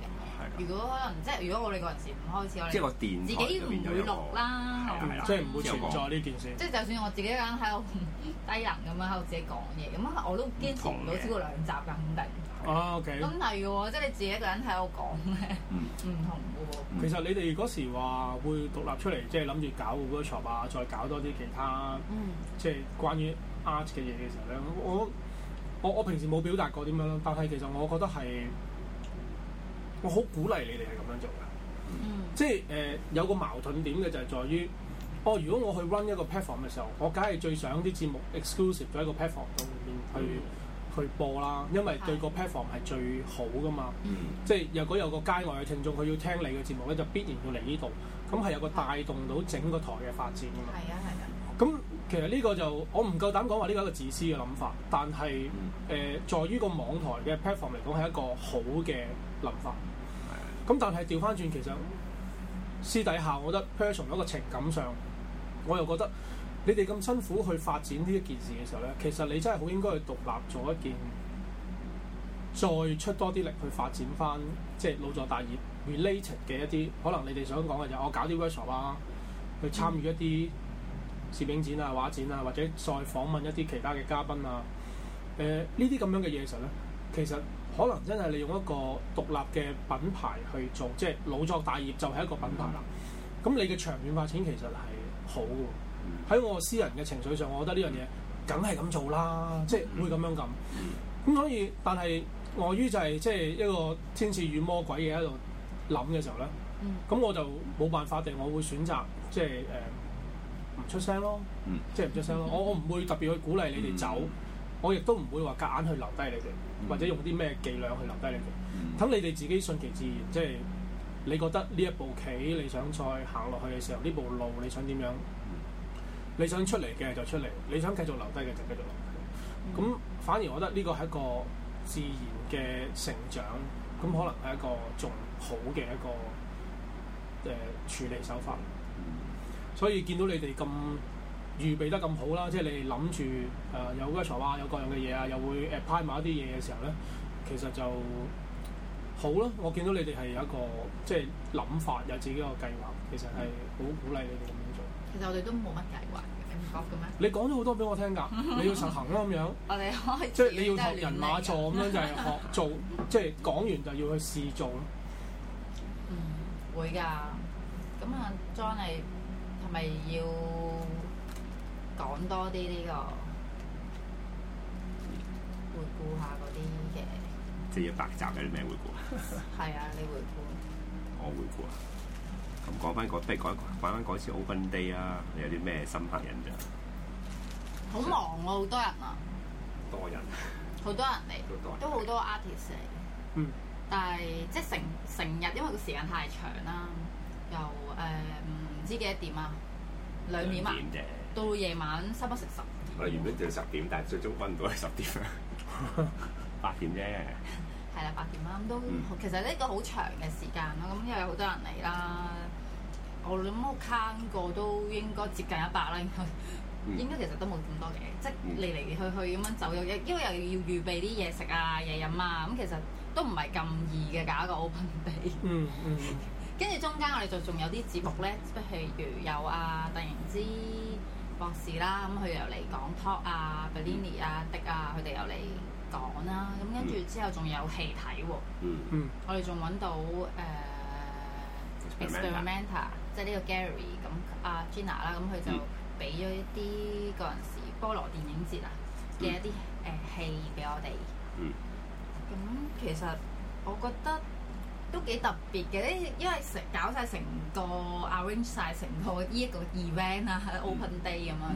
如果可能，即係如果我哋個陣時唔開始，即我即係個電台自己唔會錄啦，即係唔會存在呢件事。即係就算我自己一個人喺度低能咁樣喺度自己講嘢，咁我都堅持唔到超過兩集㗎，肯定。哦、啊、OK。咁係喎，即係你自己一個人喺度講咧，唔、嗯、同。嗯、其實你哋嗰時話會獨立出嚟，即係諗住搞個 shop 啊，再搞多啲其他，嗯、即係關於 art 嘅嘢嘅時候咧，我我我，我平時冇表達過點樣咯，但係其實我覺得係。我好鼓勵你哋係咁樣做嘅，嗯、即係誒、呃、有個矛盾點嘅就係在於，我、哦、如果我去 run 一個 platform 嘅時候，我梗係最想啲節目 exclusive 咗喺個 platform 度入面去、嗯、去播啦，因為對個 platform 係最好噶嘛。嗯、即係如果有個街外嘅聽眾，佢要聽你嘅節目咧，就必然要嚟呢度，咁係有個帶動到整個台嘅發展噶嘛。係啊、嗯，係啊。咁其實呢個就我唔夠膽講話呢個係一個自私嘅諗法，但係誒、呃、在於個網台嘅 platform 嚟講係一個好嘅諗法。咁但係調翻轉，其實私底下我覺得 personal 一個情感上，我又覺得你哋咁辛苦去發展呢一件事嘅時候咧，其實你真係好應該去獨立做一件，再出多啲力去發展翻，即係腦作大業 related 嘅一啲，可能你哋想講嘅就係、是、我搞啲 workshop 啊，去參與一啲攝影展啊、畫展啊，或者再訪問一啲其他嘅嘉賓啊，誒呢啲咁樣嘅嘢嘅時候咧，其實～可能真係利用一個獨立嘅品牌去做，即係老作大業就係一個品牌啦。咁你嘅長遠發展其實係好喎。喺我私人嘅情緒上，我覺得呢樣嘢梗係咁做啦，即係會咁樣噉。咁所以，但係礙於就係即係一個天使與魔鬼嘅喺度諗嘅時候咧，咁我就冇辦法定我會選擇即係誒唔出聲咯，即係唔出聲咯。我我唔會特別去鼓勵你哋走，我亦都唔會話夾硬去留低你哋。或者用啲咩伎倆去留低你哋，等你哋自己順其自然，即係你覺得呢一步棋你想再行落去嘅時候，呢部路你想點樣？你想出嚟嘅就出嚟，你想繼續留低嘅就繼續留低。咁、嗯、反而我覺得呢個係一個自然嘅成長，咁可能係一個仲好嘅一個嘅、呃、處理手法。所以見到你哋咁～預備得咁好啦，即係你哋諗住誒有嗰啲才華，有各樣嘅嘢啊，又會誒拍埋一啲嘢嘅時候咧，其實就好咯。我見到你哋係有一個即係諗法，有自己一個計劃，其實係好鼓勵你哋咁樣做。其實我哋都冇乜計劃嘅，你唔講嘅咩？你講咗好多俾我聽㗎，你要實行啦咁 *laughs* 樣。我哋開即係你要學人馬座，咁樣， *laughs* 就係學做即係講完就要去試做咯。嗯，會㗎。咁啊，John 係係咪要？講多啲呢、呢個回顧下嗰啲嘅，即係一百集嘅。啲咩回顧啊？係 *laughs* 啊，你回顧，我顧回顧、那、啊、個！咁講翻講，不如講翻講翻嗰次 Open Day 啊，你有啲咩深刻印象？好忙啊，好 *laughs* 多人啊！ *laughs* 多人，好多人嚟，都好多 artist 嚟。嗯、但係即係成成日，因為個時間太長啦，又誒唔、呃、知幾多點啊？兩點啊！到夜晚收不食十，我哋原本就十點，但係最終瞓唔到係十點啊，八 *laughs* 點啫而 *laughs* 。係啦，八點啦，咁都其實呢一個好長嘅時間啦。咁因為有好多人嚟啦，我諗我慳過都應該接近一百啦。應該其實都冇咁多嘅，即係嚟嚟去去咁樣走又因為又要預備啲嘢食啊、嘢飲啊，咁其實都唔係咁易嘅搞一個 open day、嗯。嗯嗯。跟住中間我哋就仲有啲節目咧，即譬如有啊突然之。博士啦，咁佢又嚟講 talk 啊，Bellini 啊，Dick 啊，佢哋又嚟講啦，咁跟住之後仲有戲睇喎。嗯嗯。我哋仲揾到誒，Experimenta，即係呢個 Gary，咁阿 Gina 啦，咁佢就俾咗一啲嗰時菠蘿電影節啊嘅一啲誒戲俾我哋。嗯。咁其實我覺得。都幾特別嘅，因因為成搞晒成個 arrange 晒成個呢一個 event 啊，喺 open day 咁樣，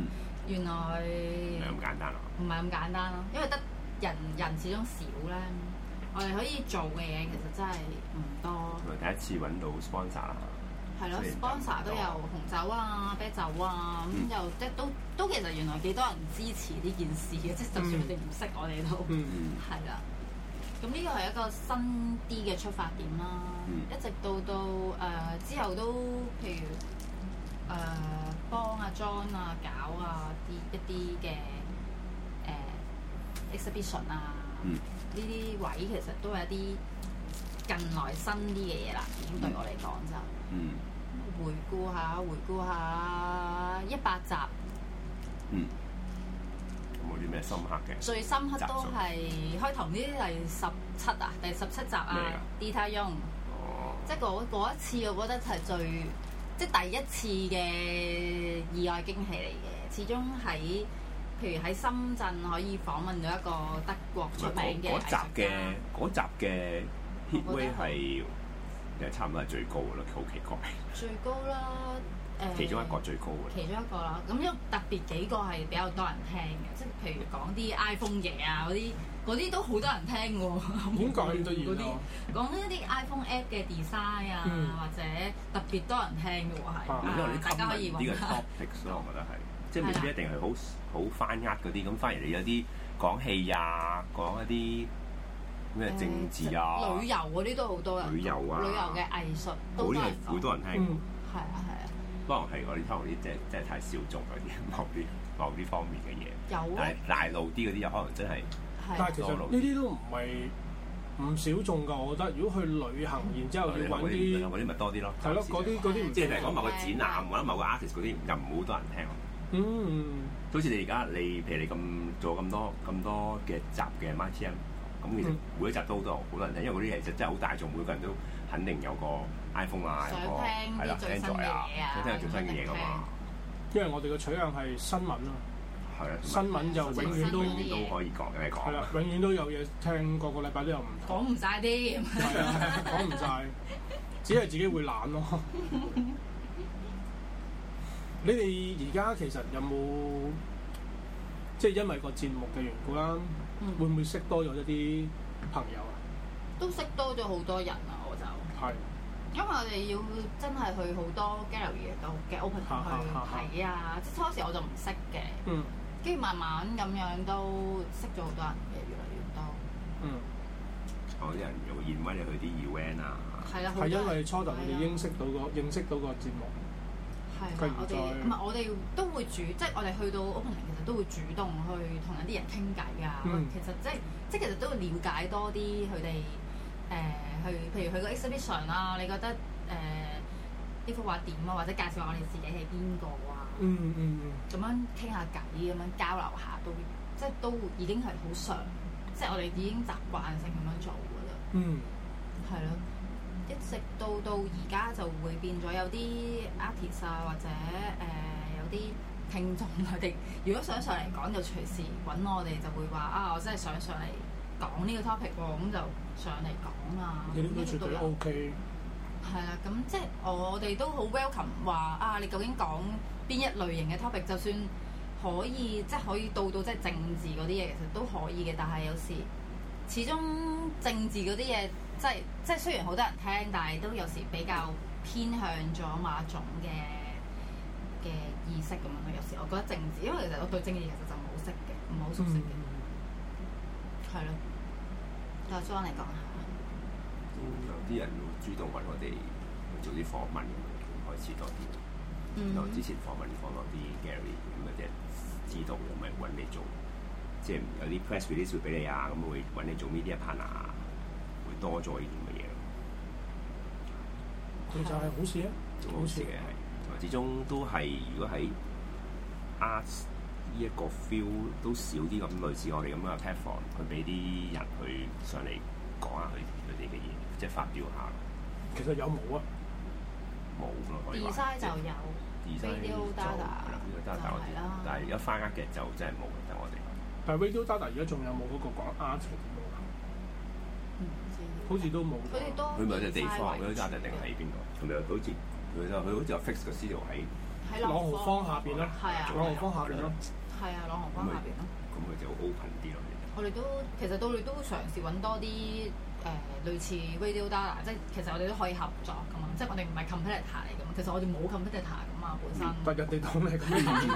原來唔係咁簡單咯，唔係咁簡單咯，因為得人人始終少咧，我哋可以做嘅嘢其實真係唔多。第一次揾到 sponsor 啊，係咯，sponsor 都有紅酒啊、啤酒啊，咁又即都都其實原來幾多人支持呢件事嘅，即就算佢哋唔識我哋都係啦。嗯咁呢個係一個新啲嘅出發點啦，嗯、一直到到誒、呃、之後都譬如誒、呃、幫阿、啊、John 啊搞啊啲一啲嘅誒、呃、exhibition 啊，呢啲、嗯、位其實都係一啲近來新啲嘅嘢啦，已經對我嚟講就、嗯回，回顧下回顧下一百集。嗯冇啲咩深刻嘅，最深刻都係開頭呢啲係十七啊，第十七集啊麼 Diet Young，即係嗰一次，我覺得係最即係第一次嘅意外驚喜嚟嘅。始終喺譬如喺深圳可以訪問到一個德國出名嘅藝術家，嗰集嘅 Hitway 係誒差唔多係最高啦，好奇怪，最高啦。其中一個最高嘅，其中一個啦。咁、嗯、有特別幾個係比較多人聽嘅，即係譬如講啲 iPhone 嘢啊，嗰啲嗰啲都好多人聽喎。點解都要嗰啲講一啲 iPhone app 嘅 design 啊，嗯、或者特別多人聽嘅喎，係大家可以揾下啲 topics 咯。我覺得係的即係未必一定係好好翻壓嗰啲咁，反而你有啲講戲啊，講一啲咩政治啊、呃呃、旅遊嗰啲都好多人旅遊啊、旅遊嘅藝術都次，嗰好多人聽、嗯，係啊的。嗯。可能係我哋可能啲即係即係太少眾嗰啲，某啲某啲方面嘅嘢。有啊。但係大路啲嗰啲又可能真係多路呢啲都唔係唔少眾噶，我覺得。如果去旅行，然之後要揾啲，嗰啲咪多啲咯。係咯，嗰啲啲即係譬如講某個展覽或者某個 artist 嗰啲，又唔好多人聽。嗯。好似你而家你譬如你咁做咁多咁多嘅集嘅 MTN，咁其實每一集都好多好多人聽，因為嗰啲其實真係好大眾，每個人都。肯定有個 iPhone 啊，有個係啦，聽在啊，想聽下最新嘅嘢㗎嘛。因為我哋嘅取向係新聞啦，係啊，新聞就永遠都都可以講嘅講。係啦，永遠都有嘢聽，個個禮拜都有唔同。講唔晒啲，係講唔晒，只係自己會懶咯。你哋而家其實有冇，即係因為個節目嘅緣故啦，會唔會識多咗一啲朋友啊？都識多咗好多人。係，因為我哋要真係去好多 gallery 度嘅 opening 去睇啊，即、啊啊啊、初時我就唔識嘅，跟住、嗯、慢慢咁樣都識咗好多人嘅，越嚟越多。嗯，啲人用熱威就去啲 event 啊，係啦，係因為初頭我哋已經識到個的認識到個節目。係的，我哋唔係我哋都會主，即、就是、我哋去到 opening 其實都會主動去同一啲人傾偈㗎。嗯、其實即、就、即、是就是、其實都會了解多啲佢哋。誒、呃、去，譬如去個 exhibition 啊，你覺得誒呢、呃、幅畫點啊？或者介紹下我哋自己係邊個啊？嗯嗯嗯，咁樣傾下偈，咁樣交流下都，即係都已經係好常，即係我哋已經習慣性咁樣做噶啦。嗯，係咯，一直到到而家就會變咗有啲 artist 啊，或者誒有啲聽眾佢哋，如果想上嚟講就隨時揾我哋，就會話啊，我真係想上嚟。講呢個 topic 喎，咁就上嚟講啊，呢啲都絕對 O K。係啦，咁即係我哋都好 welcome 話啊，你究竟講邊一類型嘅 topic？就算可以即係可以到到即係政治嗰啲嘢，其實都可以嘅。但係有時始終政治嗰啲嘢，即係即係雖然好多人聽，但係都有時比較偏向咗馬總嘅嘅意識咁樣咯。有時我覺得政治，因為其實我對政治其實就唔係好識嘅，唔係好熟悉嘅，係、嗯、咯。嗯嗯嗯嗯嗯嗯就專嚟講、嗯、 *noise* 有啲人會主動揾我哋做啲訪問，開始多啲。有、嗯、之前訪問過啲 Gary 咁即隻，知道我咪揾你做，即、就、係、是、有啲 press release 俾你啊，咁會揾你做 media partner，會多咗呢啲咁嘅嘢。佢就係好事啊！好事嘅係，事始終都係如果喺 us。呢一個 feel 都少啲咁類似我哋咁嘅 platform，去俾啲人去上嚟講下佢佢哋嘅嘢，即係發表下。其實有冇啊？冇咯，可以話。Design 就有。Video Data 係啦。但係而家翻握嘅就真係冇啦，我哋。但係 Video Data 而家仲有冇嗰個講 art 嘅好似都冇。佢哋都。去咪有地方？Video Data 定喺邊度？同埋好似佢就好似有 fix 個 studio 喺朗豪坊下邊咯。係啊。朗豪坊下邊咯。係啊，朗豪坊下邊咯。咁佢就 open 啲咯。我哋都其實到你都嘗試揾多啲誒、呃、類似 Radio Data，即係其實我哋都可以合作噶嘛，即係我哋唔係 competitor 嚟噶嘛，其實我哋冇 competitor 噶嘛本身。但人哋當你咁樣，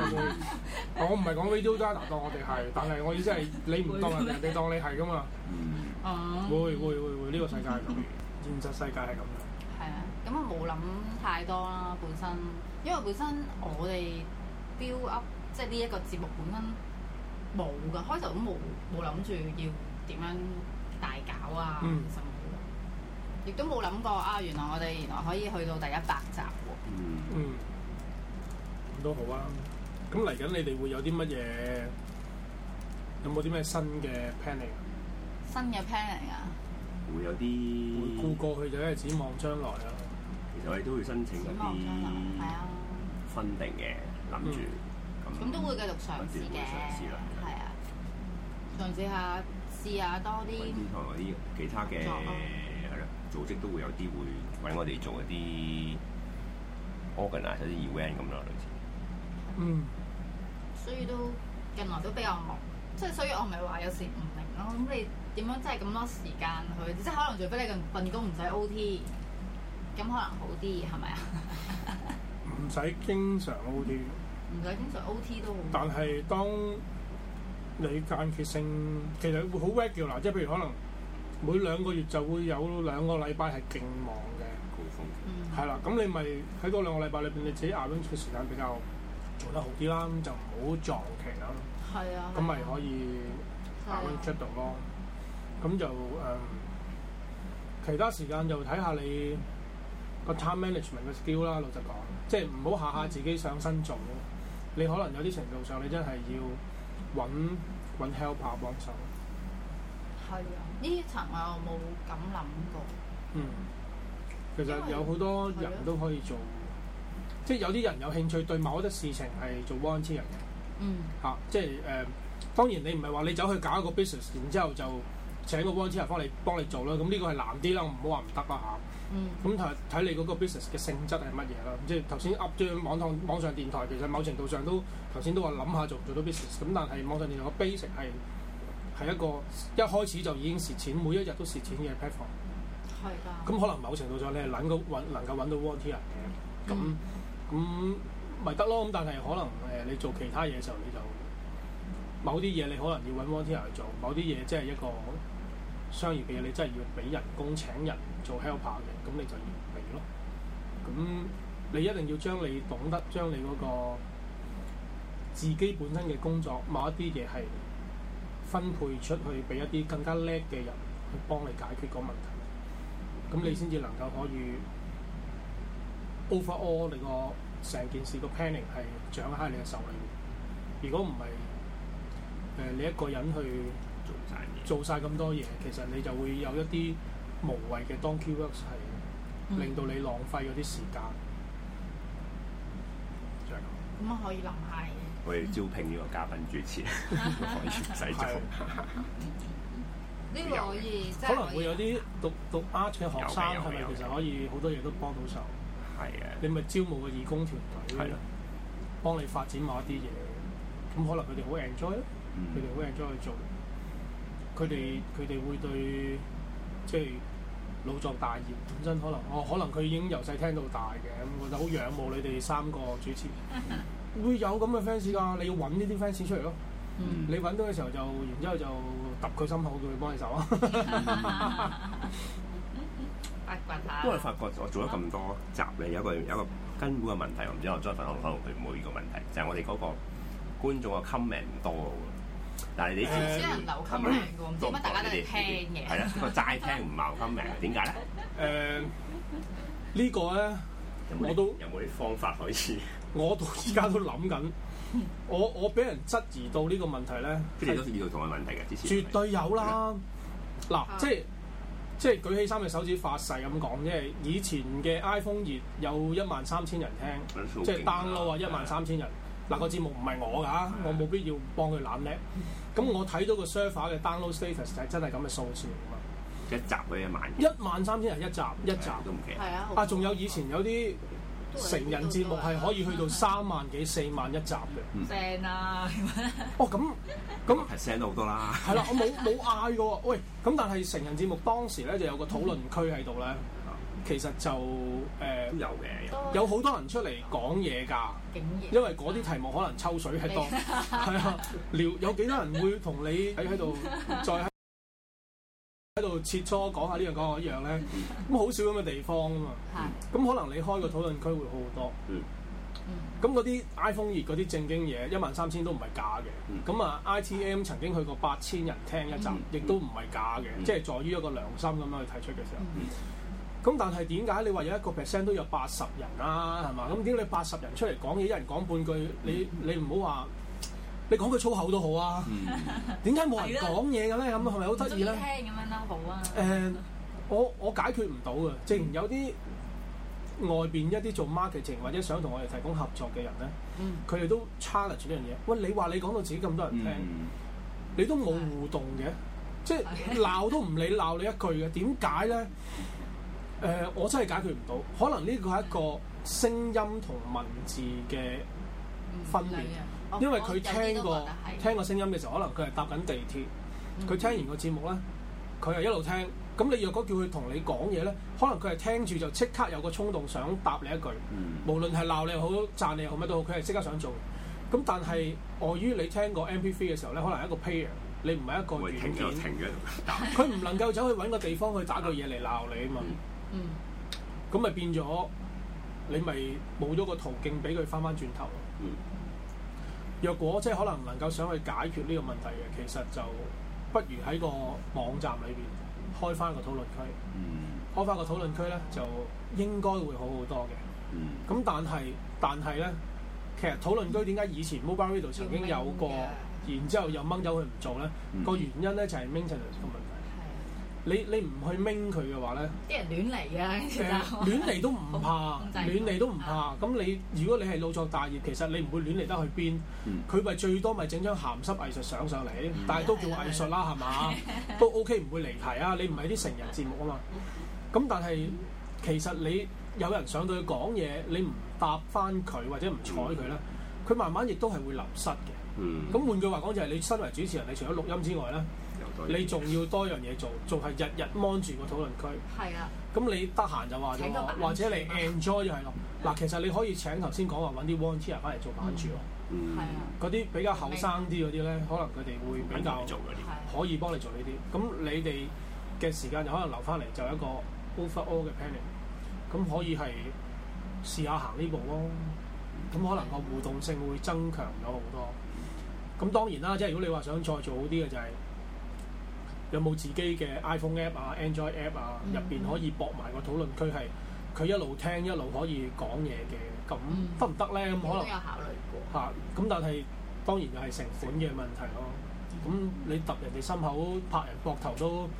*laughs* 我唔係講 Radio Data 當我哋係，但係我意思係你唔當人哋 *laughs* 當你係噶嘛。嗯。哦。會會會會，呢、這個世界係咁，現實世界係咁。係啊，咁我冇諗太多啦，本身因為本身我哋 build up。即係呢一個節目本身冇㗎，開頭都冇冇諗住要點樣大搞啊，甚至乎亦都冇諗過啊。原來我哋原來可以去到第一百集喎。嗯，咁都好啊。咁嚟緊，你哋會有啲乜嘢？有冇啲咩新嘅 plan 嚟㗎？新嘅 plan 嚟㗎？會有啲回顧過去，就係展望將來咯。其實我哋都會申請一啲分定嘅諗住。咁、嗯、都會繼續嘗試嘅，係啊，嘗試下試下多啲，同嗰啲其他嘅係啦組織都會有啲會揾我哋做一啲 organize 啊，或啲 event 咁咯類似。嗯，所以都近來都比較忙，即係所以我咪係話有時唔明咯。咁、嗯、你點樣即係咁多時間去？即係可能除非你份工唔使 O T，咁可能好啲係咪啊？唔使 *laughs* 經常 O T。嗯唔使經常 O T 都，但係當你間歇性，其實會好 regular，即係譬如可能每兩個月就會有兩個禮拜係勁忙嘅高峰，嗯，係啦，咁你咪喺嗰兩個禮拜裏邊，你自己 arrange 嘅時間比較做得好啲啦，就唔好撞期啦，係啊，咁咪、啊、可以 arrange、啊、出到咯，咁就誒、嗯、其他時間就睇下你個 time management 嘅 skill 啦。老實講，即係唔好下下自己上身做。嗯啊。你可能有啲程度上，你真係要揾揾 helper 幫手。係啊，呢一層我冇咁諗過。嗯，其實有好多人都可以做，的即係有啲人有興趣對某一啲事情係做 volunteer 嘅。嗯。嚇、啊，即係誒、呃，當然你唔係話你走去搞一個 business，然之後就請個 volunteer 幫你幫你做啦。咁呢個係難啲啦，唔好話唔得啦嚇。嗯，咁睇睇你嗰個 business 嘅性質係乜嘢咯。即係頭先 up 咗網，就是、網上電台，其實某程度上都頭先都話諗下做唔做到 business。咁但係網上電台個 basic 係係一個一開始就已經蝕錢，每一日都蝕錢嘅 platform。係㗎的。咁可能某程度上你係諗個揾能夠揾到 volunteer，咁咁咪得咯。咁、嗯、但係可能誒你做其他嘢時候，你就某啲嘢你可能要揾 volunteer 嚟做，某啲嘢即係一個商業嘅嘢，你真係要俾人工請人。做 helper 嘅，咁你就要嚟咯。咁你一定要將你懂得，將你嗰個自己本身嘅工作，某一啲嘢係分配出去俾一啲更加叻嘅人去幫你解決嗰個問題。咁你先至能夠可以 *noise* overall 你個成件事個 planning 係掌握喺你嘅手裏面。如果唔係，誒、呃、你一個人去做晒咁多嘢，其實你就會有一啲無謂嘅 Donkey Works 係令到你浪費嗰啲時間，咁。可以諗下嘅。可以招聘呢個嘉賓主持，可以唔使做。呢個可以，即係可能會有啲讀讀 ART 嘅學生，係咪其實可以好多嘢都幫到手？係啊！你咪招募個義工團隊，幫你發展某一啲嘢。咁可能佢哋好 enjoy，佢哋好 enjoy 去做。佢哋佢哋會對即係。腦作大業本身可能哦，可能佢已經由細聽到大嘅，咁我就好仰慕你哋三個主持。 *laughs* 會有咁嘅 fans 㗎，你要揾呢啲 fans 出嚟咯。嗯、你揾到嘅時候就，然之後就揼佢心口，叫佢幫你手。 *laughs* *laughs* 發掘下。因為發覺我做咗咁多集咧，有一個有一個根本嘅問題，我唔知我將份我可能對唔好依個問題，就係、是、我哋嗰個觀眾嘅 comment 多。嗱，但你只能留心命，點解、呃、大家都係聽嘅？係啦、啊，這個齋聽唔留心命，點解咧？誒，呢個咧，我都有冇啲方法可以我在在？我到而家都諗緊，我我俾人質疑到呢個問題咧，幾時、 *laughs* 就是、開始遇到同樣問題嘅？至少絕對有啦。嗱的，即係即係舉起三隻手指發誓咁講，即係以前嘅 iPhone 熱有一萬三千人聽，即係 download 啊，一萬三千人。嗱、個節目唔係我㗎，的我冇必要幫佢攬叻。咁我睇到個 server 嘅 download status 就係真係咁嘅數字嚟㗎嘛。 *laughs* 一集佢一萬，一萬三千係一集，對一集都唔奇。啊，啊仲有以前有啲成人節目係可以去到三萬幾 *laughs* 四萬一集嘅。唔正啦，哦咁咁升到好多啦。係啦，我冇冇嗌㗎喎。喂，咁但係成人節目當時咧就有個討論區喺度咧。其實就誒有嘅，有好多人出嚟講嘢㗎。因為嗰啲題目可能抽水係多，係啊，了有幾多人會同你喺喺度再喺度切磋講下呢樣講下依樣咧？咁好少咁嘅地方啊嘛。咁可能你開個討論區會好好多。咁嗰啲 iPhone 2嗰啲正經嘢，一萬三千都唔係假嘅。咁啊，ITM 曾經去過八千人聽一集，亦都唔係假嘅，即係在於一個良心咁樣去提出嘅時候。咁但係點解你話有一個 percent 都有八十人啊？係嘛？咁點解八十人出嚟講嘢，一人講半句？你你唔好話，你講句粗口都好啊？點解冇人講嘢嘅咧？咁係咪好得意咧？聽咁、嗯、樣都好啊。誒、呃，我我解決唔到啊！正然有啲外邊一啲做 marketing 或者想同我哋提供合作嘅人咧，佢哋、嗯、都 challenge 呢樣嘢。喂，你話你講到自己咁多人聽，嗯、你都冇互動嘅，即係鬧都唔理鬧你一句嘅，點解咧？誒、呃，我真係解決唔到。可能呢個係一個聲音同文字嘅分別，嗯哦、因為佢聽過聽個聲音嘅時候，可能佢係搭緊地鐵，佢、嗯、聽完個節目咧，佢係一路聽。咁你若果叫佢同你講嘢咧，可能佢係聽住就即刻有個衝動想答你一句，嗯、無論係鬧你又好、讚你又好乜都好，佢係即刻想做。咁但係礙於你聽過 MP3 嘅時候咧，可能係一個 player，你唔係一個軟件，佢唔 *laughs* 能夠走去揾個地方去打個嘢嚟鬧你啊嘛。嗯嗯，咁咪變咗，你咪冇咗個途徑俾佢翻翻轉頭咯。嗯，若果即係可能能夠想去解決呢個問題嘅，其實就不如喺個網站裏邊開翻個討論區。嗯，開翻個討論區咧，就應該會好好多嘅。嗯，咁但係但係咧，其實討論區點解以前 Mobile Radio 曾經有過，然之後又掹走佢唔做咧？個原因咧就係 maintain 嘅問你你唔去掹佢嘅話咧，啲人亂嚟啊！亂嚟都唔怕，亂嚟都唔怕。咁你如果你係腦作大業，其實你唔會亂嚟得去邊。佢咪最多咪整張鹹濕藝術相上嚟，但係都叫藝術啦，係嘛？都 OK，唔會離題啊！你唔係啲成人節目啊嘛。咁但係其實你有人上到去講嘢，你唔答翻佢或者唔睬佢咧，佢慢慢亦都係會流失嘅。咁換句話講就係你身為主持人，你除咗錄音之外咧。你仲要多樣嘢做，仲係日日 mon 住個討論區。係啊的。咁、嗯、你得閒就話咗話，或者你 enjoy 就係、是、咯。嗱的，其實你可以請頭先講話揾啲 volunteer 翻嚟做版主咯。嗯的。嗰啲比較後生啲嗰啲咧，的可能佢哋會比較可以幫你做呢啲。可以幫你做呢啲。咁你哋嘅時間就可能留翻嚟，就一個 overall 嘅 planning。咁可以係試下行呢步咯。咁可能個互動性會增強咗好多。咁當然啦，即係如果你話想再做好啲嘅就係、是。有冇自己嘅 iPhone app 啊、Android app 啊，入邊、嗯、可以駁埋個討論區，係佢一路聽一路可以講嘢嘅咁得唔得咧？咁可能都有考慮過吓，咁，但係當然又係成本嘅問題咯。咁、嗯嗯、你揼人哋心口拍人膊頭都～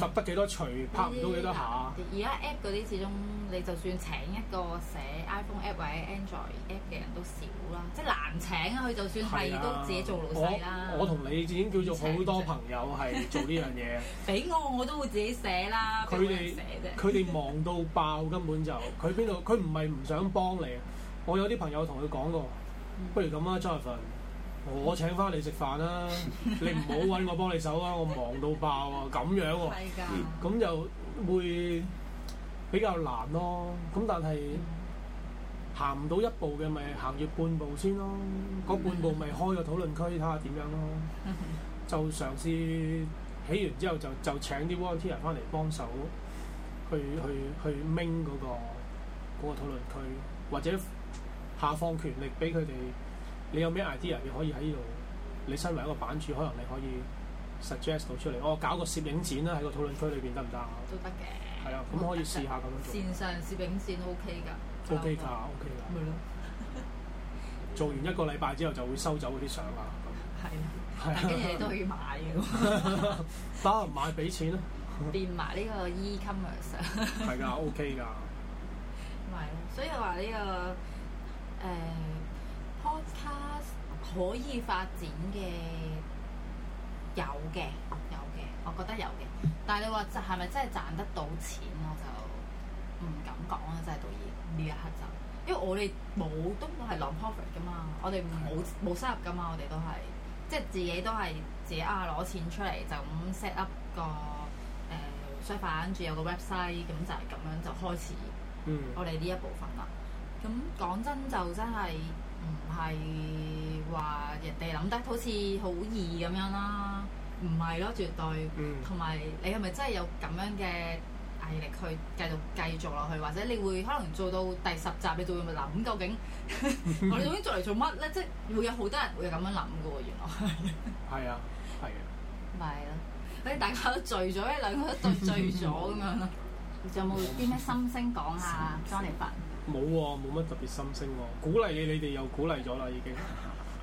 揼得幾多錘，拍唔到幾多下。而家 App 嗰啲始終，你就算請一個寫 iPhone App 或者 Android App 嘅人都少啦，即係難請啊！佢就算係的都自己做老細啦。我同你已經叫做好多朋友係做呢樣嘢。俾 *laughs* 我我都會自己寫啦。佢哋佢哋忙到爆， *laughs* 根本就佢邊度佢唔係唔想幫你啊！我有啲朋友同佢講過，不如咁啦，Jonathan。我請翻、啊、 *laughs* 你食飯啦！你唔好揾我幫你手啊！我忙到爆啊，咁樣喎、啊，咁的就會比較難咯。咁但係行唔到一步嘅，咪行住半步先咯。嗰 *laughs* 半步咪開個討論區睇下點樣咯。就嘗試起完之後就就請啲 volunteer 翻嚟幫手，去去去掹嗰、那個嗰、那個討論區，或者下放權力俾佢哋。你有咩 idea？你可以喺呢度，你身為一個版主，可能你可以 suggest 到出嚟。我、哦、搞個攝影展啦，喺個討論區裏邊得唔得啊？都得嘅。係啊，咁可以試下咁樣做線上攝影展都 OK 㗎。OK 噶 OK 噶。咪、okay、咯。Okay、 *music* 做完一個禮拜之後就會收走嗰啲相啦。係。的 *laughs* 但跟住你都要買㗎嘛。得， *laughs* *laughs* 買俾錢咯。變埋呢個 e-commerce *laughs* 係㗎，OK 㗎。係咯，所以話呢、這個誒。呃 Podcast 可以發展嘅有嘅有嘅，我覺得有嘅。但係你話就係咪真係賺得到錢我就唔敢講啦，真係到而呢一刻就，因為我哋冇都係 long profit 㗎嘛，我哋冇冇收入㗎嘛，我哋都係即係自己都係自己啊攞錢出嚟就咁 set up 個誒 s h 跟住有個 website 咁、嗯、就係、是、咁樣就開始。嗯。我哋呢一部分啦。咁講、嗯、真就真係～唔係話人哋諗得好似好易咁樣啦，唔係咯，絕對。同埋、嗯、你係咪真係有咁樣嘅毅力去繼續繼續落去？或者你會可能做到第十集，你仲會咪諗究竟我哋究竟做嚟做乜咧？ *laughs* 即係會有好多人會咁樣諗嘅喎，原來係。係啊， *laughs* *laughs* *laughs* 係啊。咪咯，所以大家都醉咗，一兩個都對醉咗咁樣咯。仲有冇啲咩心聲講下啊，Jonathan？ *laughs* 冇喎，冇乜特別心聲喎。鼓勵你，你哋又鼓勵咗啦，已經。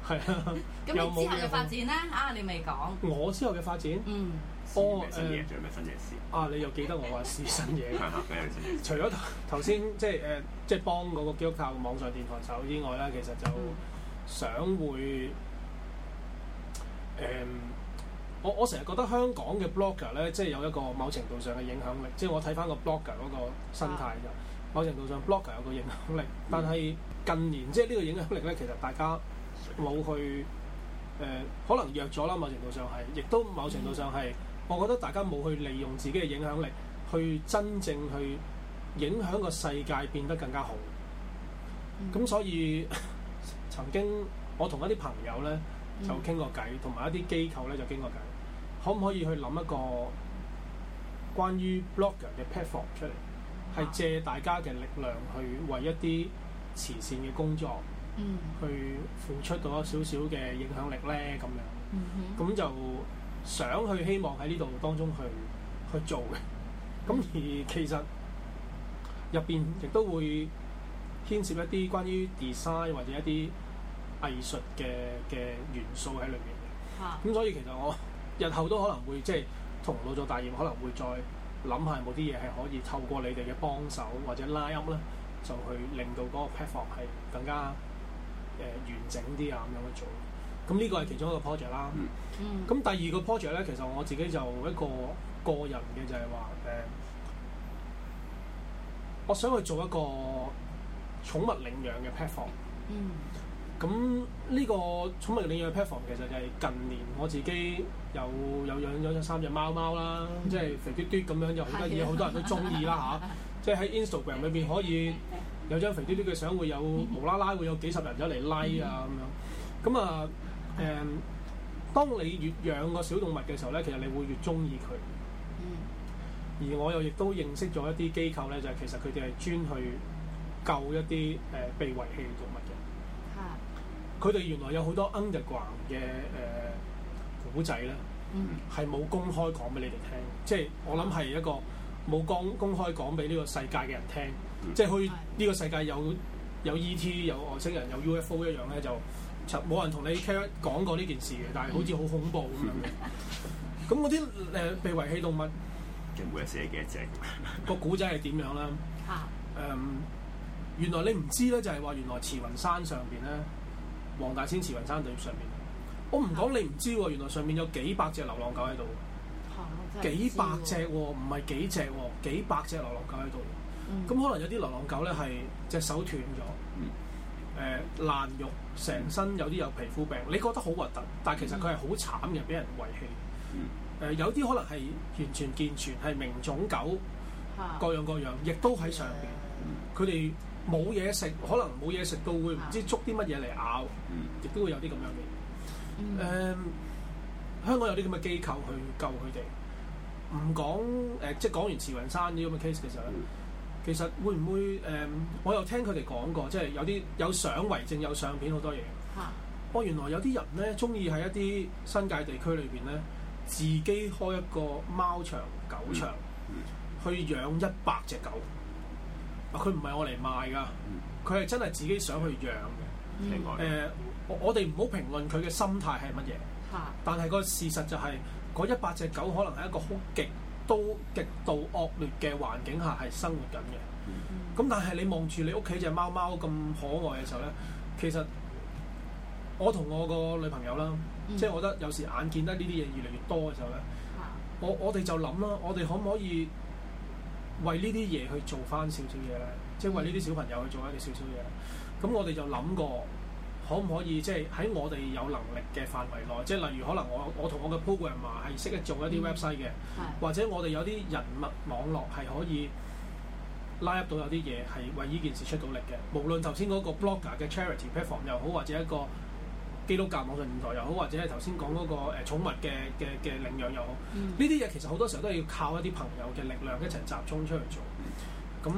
係啊。咁 *laughs* 有之後嘅發展咧？啊，你未講。我之後嘅發展？嗯。哦我，新嘢仲有咩新嘢事？啊，事啊，你又記得我話試 *laughs* 新嘢 *laughs* *laughs* 除咗頭先即係誒，即係、就是呃就是、幫嗰個基督教網上電台手之外咧，其實就想會誒、嗯嗯，我我成日覺得香港嘅 blogger 咧，即係有一個某程度上嘅影響力，即係我睇翻個 blogger 嗰個生態㗎。 *laughs* *laughs* 某程度上，blogger 有個影響力，但係近年即係呢個影響力咧，其實大家冇去誒、呃、可能弱咗啦。某程度上係，亦都某程度上係，我覺得大家冇去利用自己嘅影響力，去真正去影響個世界變得更加好。咁、嗯、所以曾經我同一啲朋友咧就傾過偈，同埋一啲機構咧就傾過偈，可唔可以去諗一個關於 blogger 嘅 platform 出嚟？係借大家嘅力量去為一啲慈善嘅工作，去付出多一少少嘅影響力咧咁樣，咁就想去希望喺呢度當中去去做嘅。咁而其實入邊亦都會牽涉一啲關於 design 或者一啲藝術嘅嘅元素喺裏面嘅。咁所以其實我日後都可能會即係同腦作大業可能會再。諗下冇啲嘢係可以透過你哋嘅幫手或者拉 up 咧，就去令到嗰個 platform 係更加誒、呃、完整啲啊咁樣去做。咁呢個係其中一個 project 啦。咁、嗯、第二個 project 咧，其實我自己就一個個人嘅就係話誒，我想去做一個寵物領養嘅 platform。嗯。咁呢個寵物領養嘅 platform 其實就係近年我自己有有養養咗三隻貓貓啦，即係、mm hmm. 肥嘟嘟咁樣有好多嘢，好 *laughs* 多人都中意啦吓，即、啊、係喺 *laughs* Instagram 裏面可以有張肥嘟嘟嘅相，會有、mm hmm. 無啦啦會有幾十人走嚟 like 啊咁樣。咁啊誒，當你越養個小動物嘅時候咧，其實你會越中意佢。嗯、mm。Hmm. 而我又亦都認識咗一啲機構咧，就係其實佢哋係專去救一啲誒被遺棄嘅動物。佢哋原來有好多 underground 嘅誒古仔咧，係、呃、冇、嗯、公開講俾你哋聽，即係我諗係一個冇公公開講俾呢個世界嘅人聽，嗯、即係去呢個世界有有 E.T. 有外星人有 U.F.O. 一樣咧，就冇人同你 care 講過呢件事嘅。但係好似好恐怖咁樣嘅。咁嗰啲誒被遺棄動物，即每日死幾隻？個古仔係點樣咧？嚇誒，原來你唔知咧，就係、是、話原來慈雲山上邊咧。黃大仙慈雲山對上面，我唔講你唔知喎、啊，原來上面有幾百隻流浪狗喺度，哦、幾百隻喎、啊，唔係幾隻喎、啊，幾百隻流浪狗喺度。咁、嗯、可能有啲流浪狗咧係隻手斷咗，誒、嗯呃、爛肉，成身有啲有皮膚病，嗯、你覺得好核突，但係其實佢係好慘嘅，俾人遺棄。誒、嗯呃、有啲可能係完全健全，係名種狗、嗯各樣各樣，各樣各樣，亦都喺上邊，佢哋、嗯。嗯冇嘢食，可能冇嘢食到會唔知捉啲乜嘢嚟咬，亦都、嗯、會有啲咁樣嘅。誒、嗯嗯，香港有啲咁嘅機構去救佢哋。唔講誒，即係講完慈雲山呢啲咁嘅 case 嘅時候咧，其實會唔會誒、嗯？我又聽佢哋講過，即係有啲有相為證，有相片好多嘢。我、嗯哦、原來有啲人咧，中意喺一啲新界地區裏邊咧，自己開一個貓場、狗場，去養一百隻狗。佢唔係我嚟賣㗎，佢係真係自己想去養嘅。誒，我我哋唔好評論佢嘅心態係乜嘢，啊、但係個事實就係、是、嗰一百隻狗可能係一個好極都極度惡劣嘅環境下係生活緊嘅。咁、嗯、但係你望住你屋企隻貓貓咁可愛嘅時候咧，其實我同我個女朋友啦，即係、啊、我覺得有時眼見得呢啲嘢越嚟越多嘅時候咧、啊，我我哋就諗啦、啊，我哋可唔可以？為呢啲嘢去做翻少少嘢咧，即係為呢啲小朋友去做一啲少少嘢。咁我哋就諗過，可唔可以即係喺我哋有能力嘅範圍內，即係例如可能我我同我嘅 programmer 係識得做一啲 website 嘅，嗯、或者我哋有啲人物網絡係可以拉入到有啲嘢係為呢件事出到力嘅。無論頭先嗰個 blogger 嘅 charity platform 又好，或者一個基督教網上電台又好，或者係頭先講嗰個誒、呃、寵物嘅嘅嘅領養又好，呢啲嘢其實好多時候都係要靠一啲朋友嘅力量一齊集中出去做。咁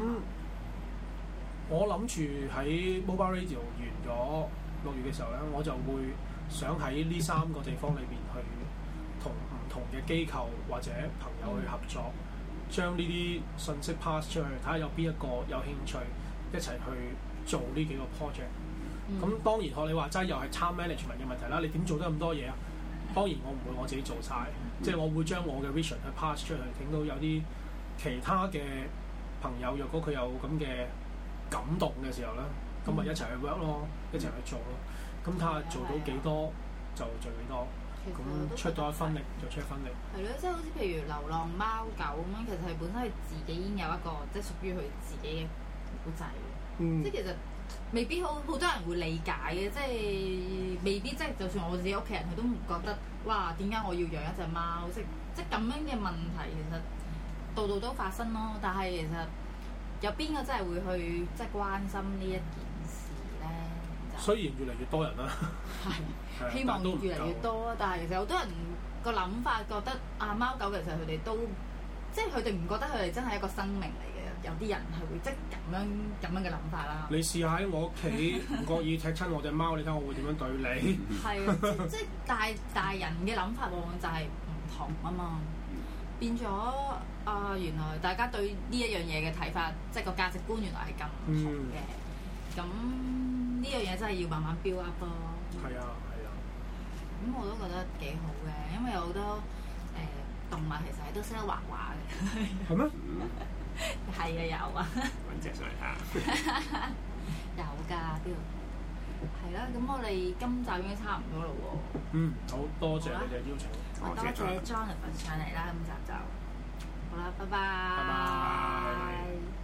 我諗住喺 Mobile Radio 完咗六月嘅時候咧，我就會想喺呢三個地方裏邊去同唔同嘅機構或者朋友去合作，將呢啲信息 pass 出去，睇下有邊一個有興趣一齊去做呢幾個 project。咁、嗯、當然學你話齋又係差 management 嘅問題啦！你點做得咁多嘢啊？當然我唔會我自己做晒，嗯、即係我會將我嘅 vision 去 pass 出去，整到有啲其他嘅朋友，若果佢有咁嘅感動嘅時候咧，咁咪、嗯、一齊去 work 咯，嗯、一齊去做咯。咁睇下做到幾多、嗯、就做幾多，咁出到一分力就出一分力。係咯、嗯，即係好似譬如流浪貓狗咁樣，其實係本身係自己已經有一個即係屬於佢自己嘅古仔嘅，即係其實。未必好好多人會理解嘅，即係未必即係就算我自己屋企人佢都唔覺得，哇點解我要養一隻貓，即即咁樣嘅問題其實，度度都發生咯。但係其實，有邊個真係會去即係關心呢一件事咧？就雖然越嚟越多人啦，係是， *laughs* 是希望越嚟越多啊。但係其實好多人個諗法覺得啊，貓狗其實佢哋都即係佢哋唔覺得佢哋真係一個生命嚟。有啲人係會即咁、就是、樣咁樣嘅諗法啦。你試下喺我屋企唔覺意踢親我隻貓， *laughs* 你睇我會點樣對你？係即係但大人嘅諗法往往就係、是、唔同啊嘛。嗯、變咗啊、呃，原來大家對呢一樣嘢嘅睇法，即係個價值觀，原來係咁唔同嘅。咁呢、嗯、樣嘢真係要慢慢 build up 咯。係啊，係啊。咁、嗯、我都覺得幾好嘅，因為有好多誒、呃、動物其實都識得畫畫嘅。係咩嗎？ *laughs* *laughs* 係啊， *laughs* 有啊，揾隻上嚟睇下。有噶啲，係啦。咁我哋今集已經差唔多啦喎。嗯，好多謝你嘅邀請，我呢我多謝 Jonathan 上嚟啦。今集就好啦，拜拜。拜拜。